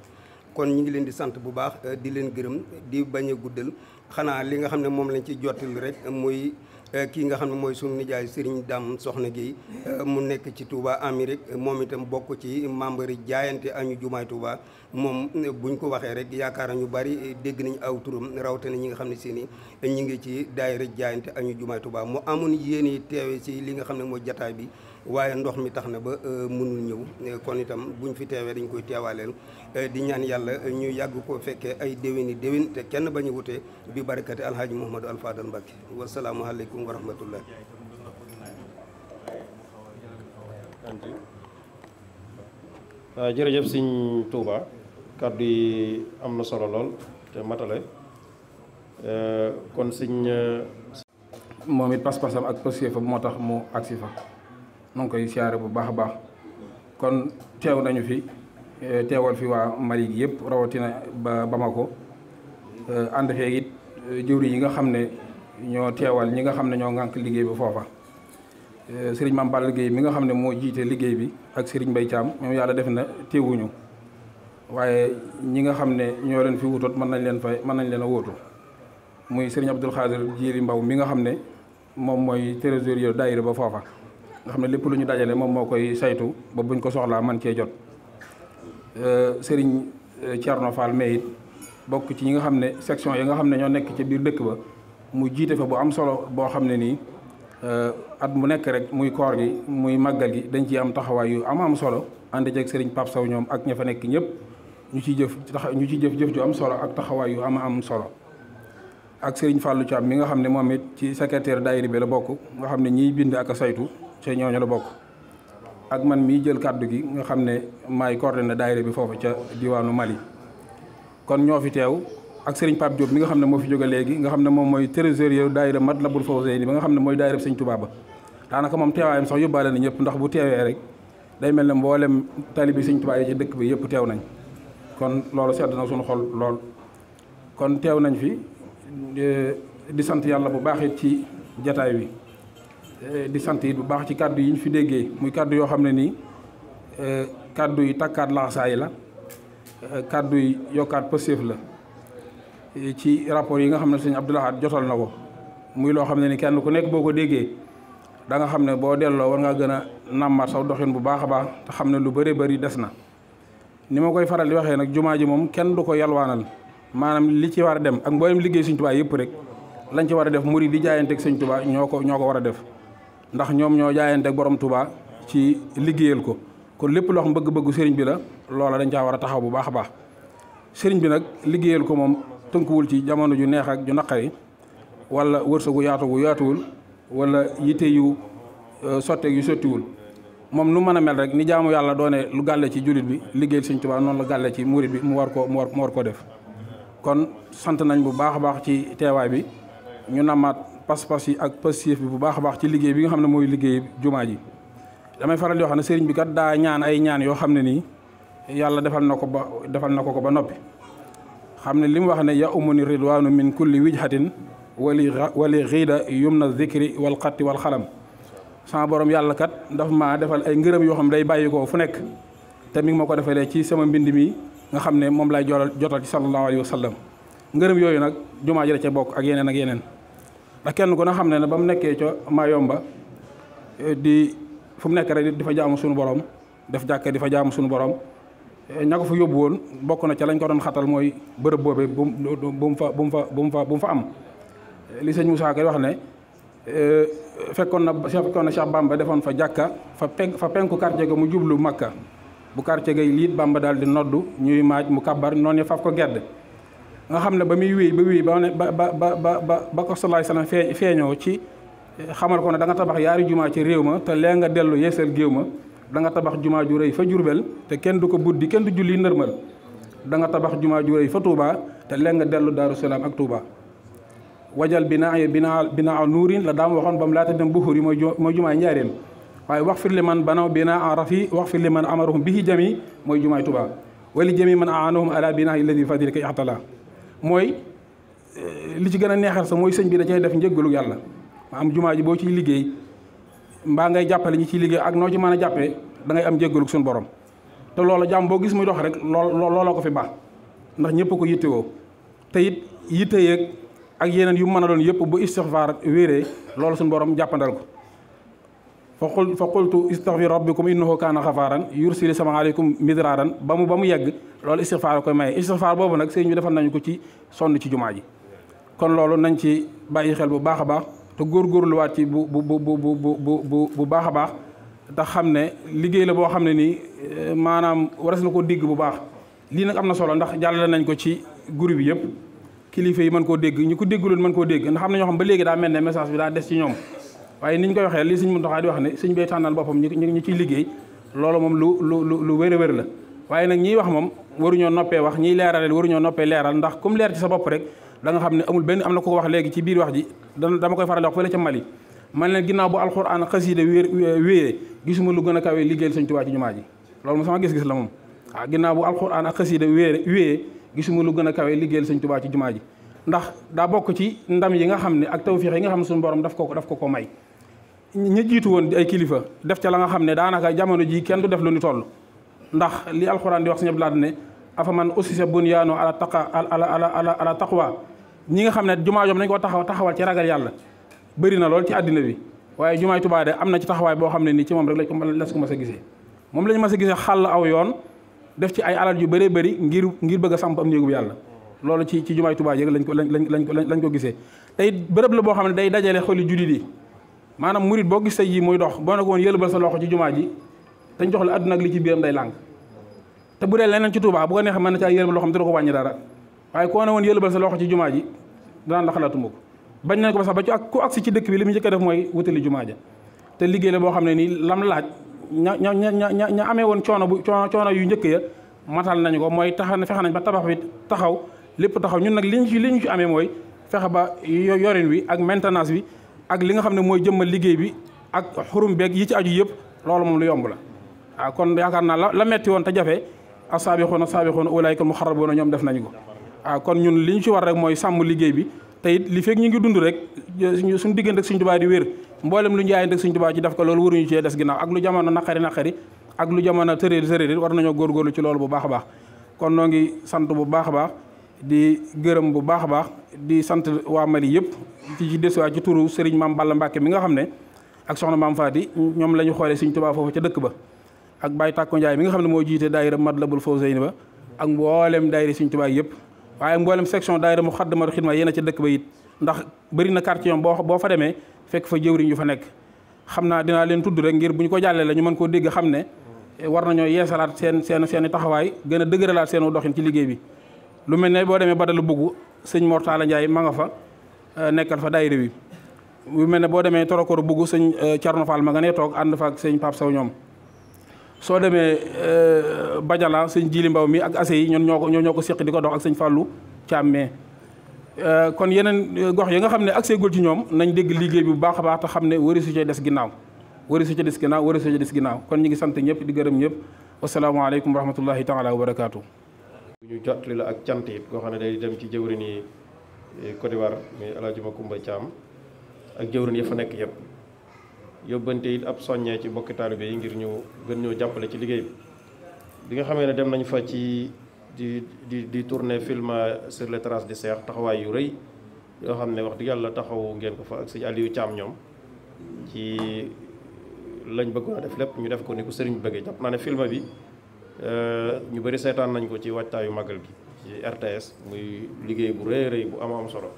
kon ñu ngi leen di sant bu baax di leen gërëm di bañ a guddal xanaa li nga xam ne moom lañ ci jottil rek muy Eh, kii nga xam ne mooy sunu nijaay Serigne Dame Soxna Guèye eh, mu nekk ci Touba Amérique moom itam bokk ci membre yi jaayante ñu jumaay Touba moom eh, buñ ko waxee rek yaakaar ñu bari dégg nañ aw turam rawatina ñi nga xam ne si ni ñu ngi ci daayira jaayante ak añu jumaay Touba mu amoon yéene teewe si li nga xam ne mooy jataay bi waaye ndox mi tax na ba euh, mënul ñëw euh, kon itam buñ fi teewee dañ koy teewaaleel euh, di ñaan yàlla ñu yàgg koo fekkee ay déwéni déwén te kenn bañu wutee bi barakati alhaaji Mouhamadou Alfadal mbakki wasalaamu aleykum wa rahmatullah waaw ah, jërëjëf sëñ Touba kàddu yi am na solo lool te matale kon sëñ moom it pas-pasam ak pësé fa moo tax mu agsi fa moo ngi koy siyaare bu baax a baax kon teew nañu fi eh, teewal fi waa Mali gi yëpp rawatina ba Bamako eh, ànd fee it eh, jëwri yi nga xam ne ñoo teewal ñi nga xam ne ñoo ŋànk liggéey bi foofa sëriñ mam Balla liggéey mi nga xam ne moo jiite liggéey bi ak sëriñ bay Thiam moom yàlla def na téewuñu waaye ñi nga xam ne ñoo leen fi wutoot mën nañ leen fa mën nañ leen a wóotu muy sëriñ Abdoul Khadir Jili Mbaw mi nga xam ne moom mooy trésorier daayira ba foofa nga xam ne lépp lu ñu dajale moom moo koy saytu ba ñu ko soxlaa man cee jot euh, sëriñ euh, Thierno Fall mais bokk ci ñi nga xam ne section yi nga xam ne ñoo nekk ci biir dëkk ba mu jiite fa bu am solo boo xam ne nii euh, at mu nekk rek muy koor gi muy màggal gi dañ ciy am taxawaay yu am am solo ànd ceeg sëriñ Pape Sow ñoom ak ña fa nekk ñëpp ñu ciy jëf ñu ciy jëf jëf ju am solo ak taxawaay yu am am solo ak sëriñ Fallou Thiam mi nga xam ne moom it ci secrétaire daayira bi la bokk nga xam ne ñii bind ak a saytu ca ñooñu la bokk ak man mii jël kàddu gi nga xam ne maay coordonné daayira bi foofu ca diwaanu Mali kon ñoo fi teew ak Serigne Pape Diop mi nga xam ne moo fi jóge léegi nga xam ne moom mooy trésorier daayira Matlabul Fawzayni ba nga xam ne mooy daayira Serigne Touba ba daanaka moom teewaayam sax yóbbaale na ñëpp ndax bu teewee rek day mel ne mboolem talibi Serigne Touba yi ci dëkk bi yëpp teew nañ kon loolu sedd na suñu xol lool kon teew nañ fi eh, di sant yàlla bu baax ci jataay wi Eh, di sant bu baax ci kàddu yi ñu fi déggee muy kàddu yoo xam ne nii eh, kàddu yi takkaat laxasaay la eh, kàddu yi yokkaat pëseef la ci rapport yi nga xam ne sëñ Abdou Lahad jotal na ko muy loo xam ne ni kenn ku nekk boo ko déggee danga xam ne boo delloo war ngaa gën a nàmmaat saw doxin bu baax a baax te xam ne lu bare bari des na ni ma koy faral di waxee nag jumaa ji moom kenn du ko yalwaanal maanaam li ci war a dem ak mboolem liggéey sëñ Tuubaa yëpp rek lañ ci war a def murid di jaayanteeg sëñ Tuubaa ñoo ko ñoo ko war a def ndax ñoom ñoo jaayante ak borom Touba ci liggéeyal ko kon lépp loo xam bëgg-bëggu sëriñ bi la loola dañ caa war a taxaw bu baax a baax sëriñ bi nag liggéeyal ko moom tënkuwul ci jamono ju neex ak ju naqari wala wërsëgu yaatu gu yaatuwul wala yite yu e, sotteeg yu sottiwul moom nu mën a mel rek ni jaamu yàlla doone lu gàlle ci jullit bi liggéeyal sëriñ Touba noon la gàlle ci murit bi mu war koo mu war mu war koo def kon sant nañ bu baax a baax ci teewaay bi pas-pas yi ak passif bi bu baax baax ci liggéey bi nga xamne moy mooy liggéey jumaa ji damay faral yo xamne serigne bi kat da ñaan ay ñaan yo xamne ni yàlla defal nako ba defal nako ko ba nopi xamne lim wax ne ya umuni ridwanu min kulli wijhatin wali wali ghida yumna dhikri wal qat wal khalam sa borom yàlla kat daf ma defal ay ngërëm yo xamne day bayiko fu nek te mi ngi ma ko ci sama mbind mi nga xamne mom lay jotal ci sallallahu alaihi wasallam sallam yoyu nak nag jumaa ji da ca bokk ak yenen ak yenen da kenn ku ne xam ne ne ba mu nekkee ca Mayomba eh, di fu mu nekk rek di fa jaamu suñu borom def jàkka di fa jaamu suñu borom eh, ña ko fa yóbbu woon bokk na ca lañ ko doon xatal mooy bërëb boobee bu mu fa bu mu fa bu mu fa bu mu fa am. li sëñ Moussa Ka wax ne eh, fekkoon na fekkoon na Cheikh Bamba defoon fa jàkka fa penk fa penku quartier ga mu jublu Makka bu quartier yi liit Bamba daal di noddu ñuy maaj mu kàbbar noonu faf ko gedd nga xam ne ba muy wéy ba wéy ba ba ba ba ba ba ko salaay salaam fee feeñoo ci xamal ko ne danga nga tabax yaari jumaa ci réew ma te lee nga dellu yeesal géew ma da nga tabax jumaa ju rëy fa Jurbel te kenn du ko buddi kenn du julli nërmal da nga tabax jumaa ju rëy fa tuuba te lee nga dellu Daaru Salaam ak Touba. wajal binaa binaa binaa nuurin la daam waxoon ba mu laata dem buxur yi mooy ju mooy jumaay njaareen waaye wax fir li man banaw binaa wax fir li man amaruhum bihi jami mooy jumaay Touba wali jami man aanuhum ala binaa alladi fadilika ixtala mooy eh, li ci gën a neexal sa mooy sëñ bi da cay def njëggalu yàlla am jumaa ji boo ciy liggéey mbaa ngay jàppale ñi ciy liggéey ak noo ci mën a jàppee da am njëggalu suñ borom te loolu jàmm boo gis muy dox rek lool looloo ko fi baax ndax ñëpp ko yittewoo te it yitte yeeg ak yeneen yu mën a doon yëpp bu istixfaar wéeree loolu suñ borom jàppandal ko fa qul fa bi istaghfir rabbikum innahu kaana xafaaran yursil sama aleykum midraaran ba mu ba mu yegg loolu istigfaar koy maye istigfaar boobu nag sëñ bi defal nañu ko ci sonn ci jumaa ji kon loolu nañ ci bàyyi xel bu baax a baax te góorgóorluwaat ci bu bu bu bu bu bu baax a baax te xam ne liggéey la boo xam ne nii eh, maanaam waras na ko digg bu baax lii nag am na solo ndax jàllale nañ ko ci groupe yëpp kilifa yi mën koo dégg ñu ko dégguloon mën koo dégg ndax am ne ñoo xam ba léegi daa mel ne message bi daa des waaye niñ koy waxee li sëñ Muntaxa di wax ne sëñ bay tànnal boppam ñu ñu liggéey loolu moom lu lu lu wér a wér la waaye nag ñiy wax moom waruñoo noppee wax ñi leeralal waruñoo noppee leeral ndax comme leer ci sa bopp rek da nga xam ne amul benn am na ko wax léegi ci biir wax ji dama koy faral wax fële ca Mali man leen ginnaaw bu alxuraan xasida wéer wéyee gisuma lu gën a kawee liggéeyal sëñ Tuubaa ci jumaa ji loolu moom gis-gis la moom ah ginnaaw bu alxuraan ak xasida wéer wéyee gisuma lu gën a kawee liggéeyal sëñ Tuubaa ci jumaa ji ndax daa bokk ci ndam yi nga xam ne ak tawfiix yi nga xam suñu borom daf ko daf ko ko may ñu ña jiitu woon ay kilifa def ca la nga xam ne daanaka jamono ji kenn du def lu nu toll ndax li alxuraan di wax si ñëpp laat ne afa man aussi sa bun yaano ala taqa ala ala ala taqwa ñi nga xam ne jumaa joom nañ koo taxaw taxawal ci ragal yàlla bëri na lool ci àddina bi waaye jumaay Tuubaa de am na ci taxawaay boo xam ne nii ci moom rek lañ ko les ko mas a gisee moom lañ mas a gisee xàll aw yoon def ci ay alal yu bëree bëri ngir ngir bëgg a samp am néegu yàlla loolu ci ci jumaay Tuubaa yëg lañ ko lañ lañ ko lañ ko gisee tey bërëb la boo xam ne day dajale xoli jullit yi maanaam murit boo gis tey jii muy dox boo ne ko woon yëlbal sa loxo ci jumaa ji dañ jox la àdduna ak li ci biiram day làng te bu dee leneen ci Tuubaa bu ko neexee mën na caa yëlbal loo xam te du ko wàññi dara waaye koo ne woon yëlbal sa loxo ci jumaa ji danaan la xalaatuma ko bañ nañ ko ba sax ba ci ak ku agsi ci dëkk bi li mu jëkk a def mooy wutali jumaa ja te liggéey la boo xam ne nii lam laaj ña ña ña ña amee woon coono bu coono yu njëkk ya matal nañu ko mooy tax fexe nañ ba tabax wi taxaw lépp taxaw ñun nag li ñu ci li ñu ci amee mooy fexe ba yorin wi ak maintenance bi ak li nga xam ne mooy jëmmal liggéey bi ak xurum beeg yi ci aju yëpp loolu moom lu yomb la waaw kon yaakaar naa la la metti woon te jafe as-saabixuuna as-saabixuuna ulaa'ika al na ñoom def nañ ko waaw kon ñun li ñu ci war rek mooy sàmm liggéey bi te li fekk ñu ngi dund rek suñu diggante ak suñu Tuubaa di wér mboolem lu ñu jaayante ak suñu Tuubaa ci def ko loolu waruñu cee des ginnaaw ak lu jamono naqari naqari ak lu jamono tëréeri tëréeri war nañoo góorgóorlu ci loolu bu baax a kon noo ngi sant bu baax a baax di gërëm bu baax a baax di sant waa Mali yëpp di ci desuwaat ci turu Serigne maam Balla Mbacke mi nga xam ne ak soxna maam Fati ñoom la ñu xoolee Serigne Touba foofu ca dëkk ba ak Baye Tàkko Ndiaye mi nga xam ne moo jiite daayira Matlabul Fawzayni ba ak mboolem daayira Serigne Touba yëpp waaye mboolem section daayira mu xaddamatu xidma yéen a ca dëkk ba it ndax bëri na quartier yom boo boo fa demee fekk fa jëwriñ yu fa nekk xam naa dinaa leen tudd rek ngir bu ñu ko jàllee la ñu mën koo dégg xam ne war nañoo yeesalaat seen seen seen taxawaay gën a dëgëralaat seen ci liggéey bi sëñ Mortala Ndiaye ma nga fa euh, nekkal fa daayira bi bu mel ne boo demee Torokoro bugg sëñ euh, Thierno ma nga nee toog ànd fa ak sëñ Pape Sow ñoom soo demee euh, Bajala sëñ Jili Mbaw mi ak ase yi ñoom ñoo ko ñoo ko seq di ko dox ak sëñ Fallou Thiamé kon yeneen gox yi nga xam ne accès gul ci ñoom nañ dégg liggéey bi bu baax a baax te xam ne wari su ci des ginnaaw wari su ci des ginnaaw wari su des ginnaaw kon ñu ngi sant ñëpp di gërëm ñëpp wasalaamaaleykum wa rahmatullahi taala wa barakaatu. ñu jotli la ak cant it goo xam ne day dem ci jëwrin yi eh, Côte d'Ivoire muy El Hadj Macoumba Thiam ak jëwrin yi fa nekk yëpp yóbbante it ab soññee ci bokki taalibe yi ngir ñu gën ñoo jàppale ci liggéey bi. bi nga xamee ne dem nañu fa ci di di di tourner film sur les traces du Cheikh taxawaay yu rëy yoo xam ne wax dëgg yàlla taxawu ngeen ko fa ak sëñ Aliou Thiam ñoom ci lañ bëgg a def lépp ñu def ko ni ko sëriñ bëggee jàpp naa ne film bi. Euh, ñu bëri seetaan nañ ko ci waajtaayu màggal gi ci RTS muy liggéey bu rëy rëy bu am am solo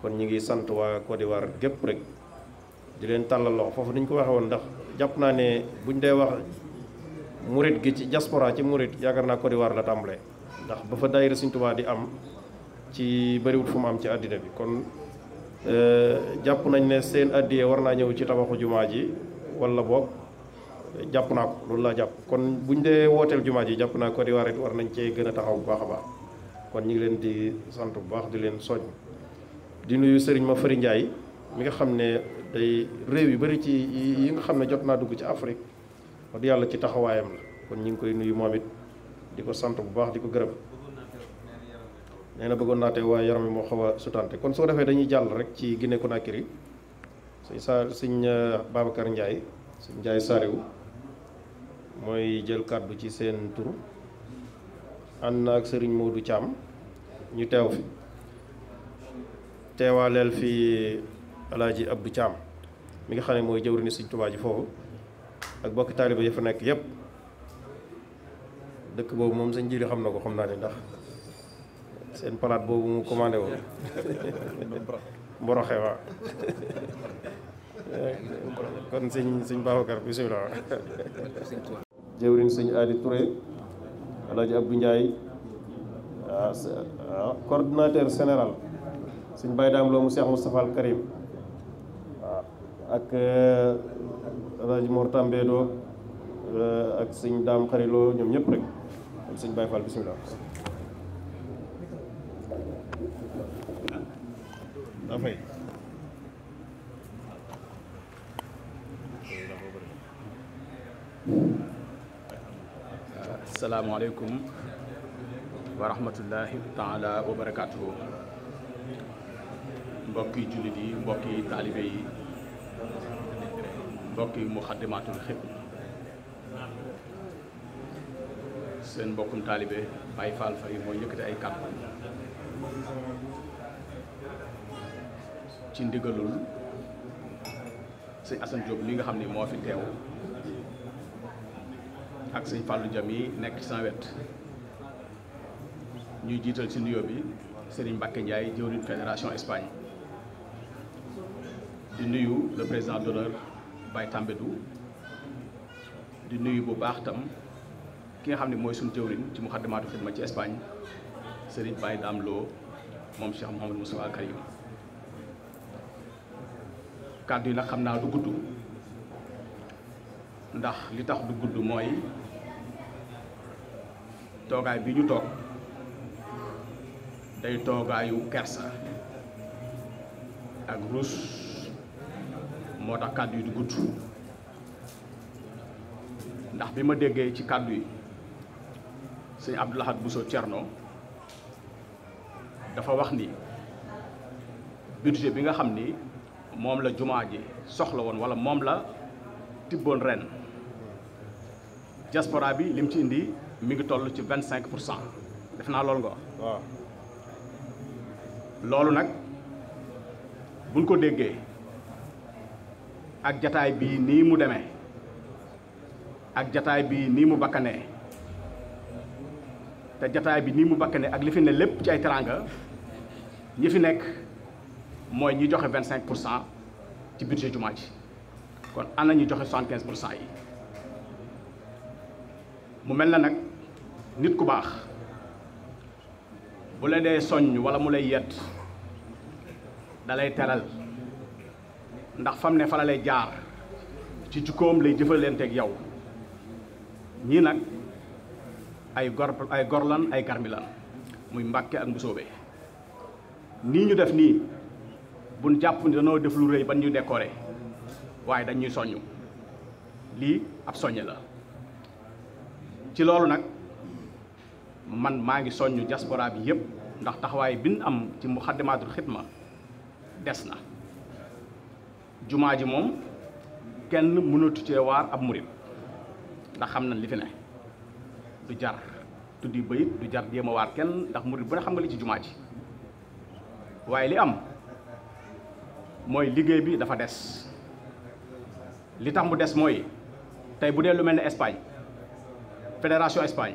kon ñu ngi sant waa Côte d'Ivoire gépp rek di leen tàllal loxo foofu ni ñu ko waxee woon ndax jàpp naa ne buñ dee wax murit gi ci diaspora ci murit yaakaar naa Côte d'Ivoire la tàmbalee ndax ba fa daayira Sëriñ Tuubaa di am ci bëriwul fu mu am ci àddina bi kon euh, jàpp nañ ne seen àddiyee war naa ñëw ci tabaxu jumaa ji walla boog Japunak naa ko loolu laa kon bunde ñu dee wooteel jumaa ji naa ko di warit war nañ cee gën a taxaw bu baax a baax kon ñu ngi leen di sant bu baax di leen soñ di nuyu sëriñ ma fëri Ndiaye mi nga xam ne day réew yu bari ci yi nga xam ne jot naa dugg ci Afrique wax yàlla ci taxawaayam la kon ñu ngi koy nuyu moom it di ko sant bu baax di ko gërëm nee na bëggoon naa te waaye yaram moo xaw a sutante kon soo defee dañuy jàll rek ci Guinée Conakry sëñ sa sëñ euh, Babacar Ndiaye sëñ Ndiaye sariwu moy jël kaddu ci seen tour an nak serigne Modou cham ñu tew fi tewalel fi alaji Abdou cham mi nga xane moy mooy jëwriñu Sëriñ ji fofu ak bokk taaliba ya fa nekk yépp dëkk boobu moom sëñ jili xamna na ko xamna ni ndax seen palaat bobu mu commandé wo [laughs] mboroxe wa [laughs] kon serigne serigne babakar bisimilah [laughs] jëwriñ sëñ Aadi Touré alaaji Abdou Ndiaye waaw ah, ah, coordinateur général sëñ Baye Daam loo mu Cheikh Moustapha Karim waaw ah, ak eh, alaaji Mor eh, ak sëñ Daam Xariloo ñoom ñëpp rek am sëñ Baye Fall bismillah dafay asalaamualeykum wa rahmatullahi taala wa barakaatuhu mbokki jullit yi mbokki taalibe yi mbokki muxaddamaatul xidma seen mbokkum taalibe Baye Fall Faye mooy yëkkati ay kàddu ci ndigalul sëñ Assane Diop li nga xam ne moo fi teew ak sëñ fallu jami nek nekk ci sama wet ñuy jiital ci nuyo bi Serigne Mbacke Ndiaye jëwriñ fédération Espagne di nuyu le président d'honneur bay tambedou di nuyu bu baax tam ki nga xamni moy sun suñu ci Muxaddamaatu Xidma ci Espagne Serigne bay damlo mom Cheikh mohamed Moustapha Karim kaddu yi xamna du guddou ndax li tax du guddou moy togaay bi ñu tok day toogaayu kersa ak ruus moo tax kàddu yi gudd ndax bima déggé ci kaddu yi bousso dafa wax ni budget bi nga xamni mom la jumaaji soxla won wala mom la ren diaspora bi lim ci indi mi ngi toll ci vingt cinq pour cent def naa loolu nga loolu nag buñ ko déggee ak jataay bii nii mu demee ak jataay bii nii mu bakkanee te jataay bi nii mu bakkanee ak li fi ne lépp ci ay teraanga ñi fi nekk mooy ñi joxe vingt cinq pour cent ci budget jumaa ji kon ana ñi joxe soixante quinze pour cent yi mu mel na nag nit ku baax bu la dee soññ wala mu lay yett dalay teral ndax fam ne fa jaar ci jikkoom lay jëfalanteeg yow ñii nag ay gor ay gorlan ay karmilan muy mbàkke ak mbusoobe nii ñu def nii bu jàpp ni danoo def lu rëy ban ñu décoré waaye dañuy soññ lii ab soññe la ci loolu nag man maa ngi soññ jasporaa bi yëpp ndax taxawaay bi am ci muxaddamaatul xidma des na jumaa ji moom kenn mënatu cee waar ab murit ndax xam na li fi ne du jar tuddi bayit du jar jéem waar kenn ndax murit bu ne xam nga li ci jumaa ji waaye li am mooy liggéey bi dafa des li tax mu des mooy tey bu dee lu mel ne Espagne fédération Espagne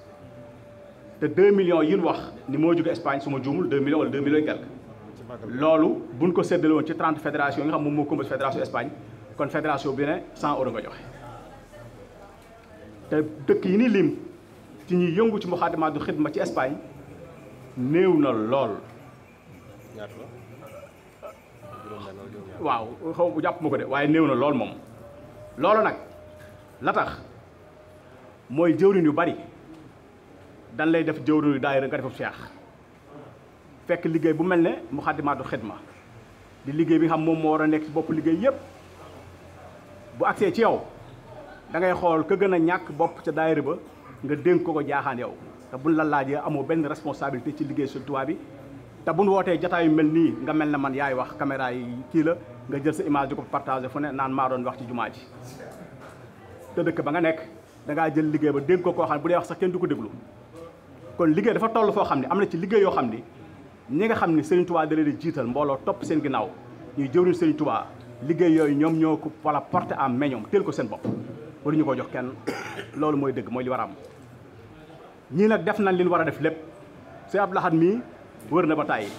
te 2 millions yi ñu wax ni moo jóge Espagne su ma juumul 2 millions wala 2 millions et quelque loolu buñ ko séddale ci 30 fédération yi nga xam moom moo composé fédération Espagne kon fédération bi ne 100 euros nga joxe te dëkk yi ni lim ci ñuy yëngu ci mu Moukhaddamatoul ma ci Espagne néew na lool. waaw xaw bu jàpp ma ko de waaye néew na lool moom loolu nag la tax mooy jëwriñ yu bari. dan lay def jëwriñu daayira nga defub seex fekk liggéey bu mel ne Muxaddamaatul ma di liggéey bi xam moom moo war a nekk ci bopp liggéey yëpp bu agsee ci yow dangay ngay xool ka gën a ñàkk bopp ca daayira ba nga dénk ko ko jaaxaan yow te buñ la laajee amoo benn responsabilité ci liggéey Sëñ Tuubaa bi te buñ wootee jataay mel nii nga mel ne man yaay wax caméra yi kii la nga jël sa image di ko partagé fu ne naan maa doon wax ci jumaa ji te dëkk ba nga nekk da ngaa jël liggéey ba dénk koo xam ne bu dee wax sax kenn du ko déglu kon liggéey dafa toll foo xam ne am na ci liggéeyoo yoo xam ni ñi nga xam ni Serigne Touba da leen jiital mbooloo topp seen ginnaaw ñuy jëwriñ Serigne Touba liggéey yooyu ñoom ñoo ko walla porté en main ñoom teel ko seen bopp waruñu ko jox kenn [coughs] loolu mooy dëgg mooy li war a ñii nag def nañ li war a def lépp sëñ Abdou Lahad mii wër na ba tàyyi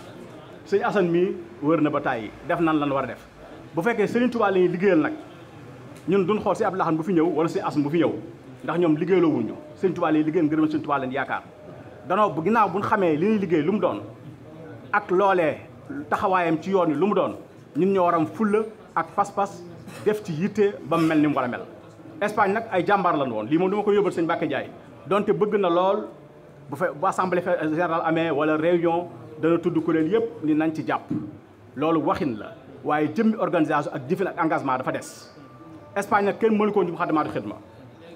sëñ Assane mii wër na ba tàyyi def nan lan war a def bu fekkee Serigne Touba la ñuy liggéeyal nag ñun duñ xool sëñ Abdou Lahad bu fi ñëw wala sëñ Assane bu fi ñëw ndax ñoom liggéeyaloo wuñu Serigne Touba la ñuy liggéeyal ngërëm Serigne Touba leen danoo bu ginnaaw bu ñu xamee li nu liggéey lu mu doon ak loolee taxawaayam ci yoon wi lu mu doon ñun ñoo waram fulla ak pas-pas def ci yitte ba mu mel ni mu war a mel. Espagne nag ay jàmbaar lañu woon lii moom du ma ko yóbbal sëñ jaay Ndiaye donte bëgg na lool bu fe bu assemblée générale amee wala réunion dana tudd kuréel yëpp ni nañ ci jàpp loolu waxin la waaye jëmmi organisation ak jëfin ak engagement dafa des Espagne nag kenn mënu ko woon ci Moukhaddamatoul Khidma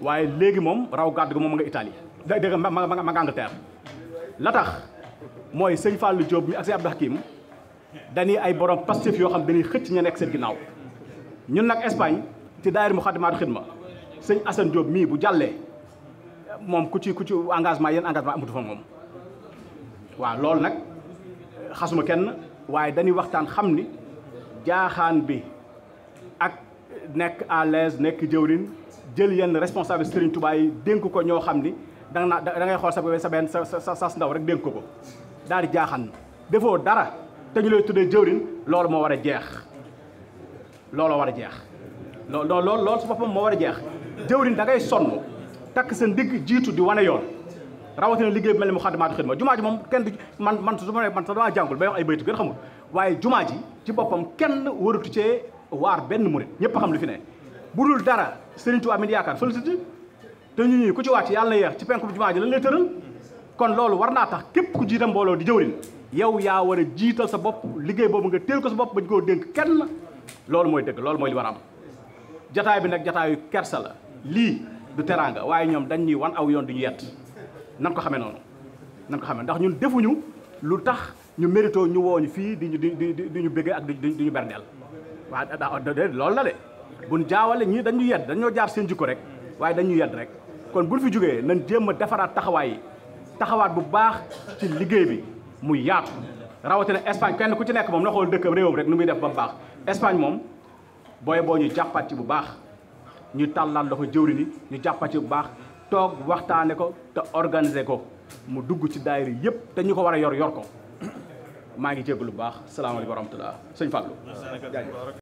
waaye léegi moom raw gàddu gi moom nga Italie. dégg nga ma ma nga Angleterre la tax mooy sëñ Fallou Diop mi ak sëñ Abdou Hakim dañuy ay borom Pastef yoo xam dañuy xëcc ña nekk seen ginnaaw ñun nag Espagne ci daayira mu xaddimaatu xidma sëñ Assane Diop mii bu jàllee moom ku ci ku ci engagement yéen engagement amatu fa moom waaw loolu nag xasuma kenn waaye dañuy waxtaan xam ni jaaxaan bi ak nekk à l'aise nekk jëwrin jël yenn responsable Serigne Touba yi dénk ko ñoo xam ni da nga da ngay xol sa sa ben sa sa ndaw rek denko ko dal di jaxan defo dara te ñu lay tudde jeewrin loolu mo wara jeex loolu wara jeex loolu loolu loolu su bopam mo wara jeex jeewrin da ngay sonu tak sa ndig jitu di wane yoon rawati na liggey mel ni mu xaddamaatu xidma jumaa kenn du man man su ma man sa dama jangul bay wax ay baytu gën xamul waye jumaaji ji ci boppam kenn waratu ci war ben murit ñepp xam lu fi ne budul dara Serigne Touba min yaakaar félicité te ñu ñii ku ci wacc yalla na ci penku jumaa ji lan lay tëral kon loolu warna tax kep ku jitam bolo di jëwrin yow ya wara jital sa bop liggey bobu nga teel ko sa bop bañ ko denk kenn loolu moy deug loolu moy li waram jotaay am jataay bi nag jataayu kersa la li du teranga waye ñom dañ ñuy wan aw yoon du ñu yett nan ko xamé noonu nan ko xamé ndax ñun defuñu lu tax ñu mérito ñu wooñu fi di ñu di ñu bëggee ak di ñu berndeel da lool la dé buñ jaawale ñii dañu yedd dañoo jaar seen jikko rek waaye dañu yedd rek kon bu fi jógee nan jéem a defaraat taxawaay yi taxawaat bu baax ci liggéey bi mu yaatu rawatina Espagne kenn ku ci nekk moom na xool dëkkam réewam rek nu muy def ba baax Espagne moom booy boo ñu jàppaat ci bu baax ñu tàllaat loxo jëwri ni ñu jàppaat ci bu baax toog waxtaane ko te organiser ko mu dugg ci daayira yëpp te ñu ko war a yor yor ko maa ngi jégg lu baax salaamaaleykum wa rahmatulah sëñ Fallou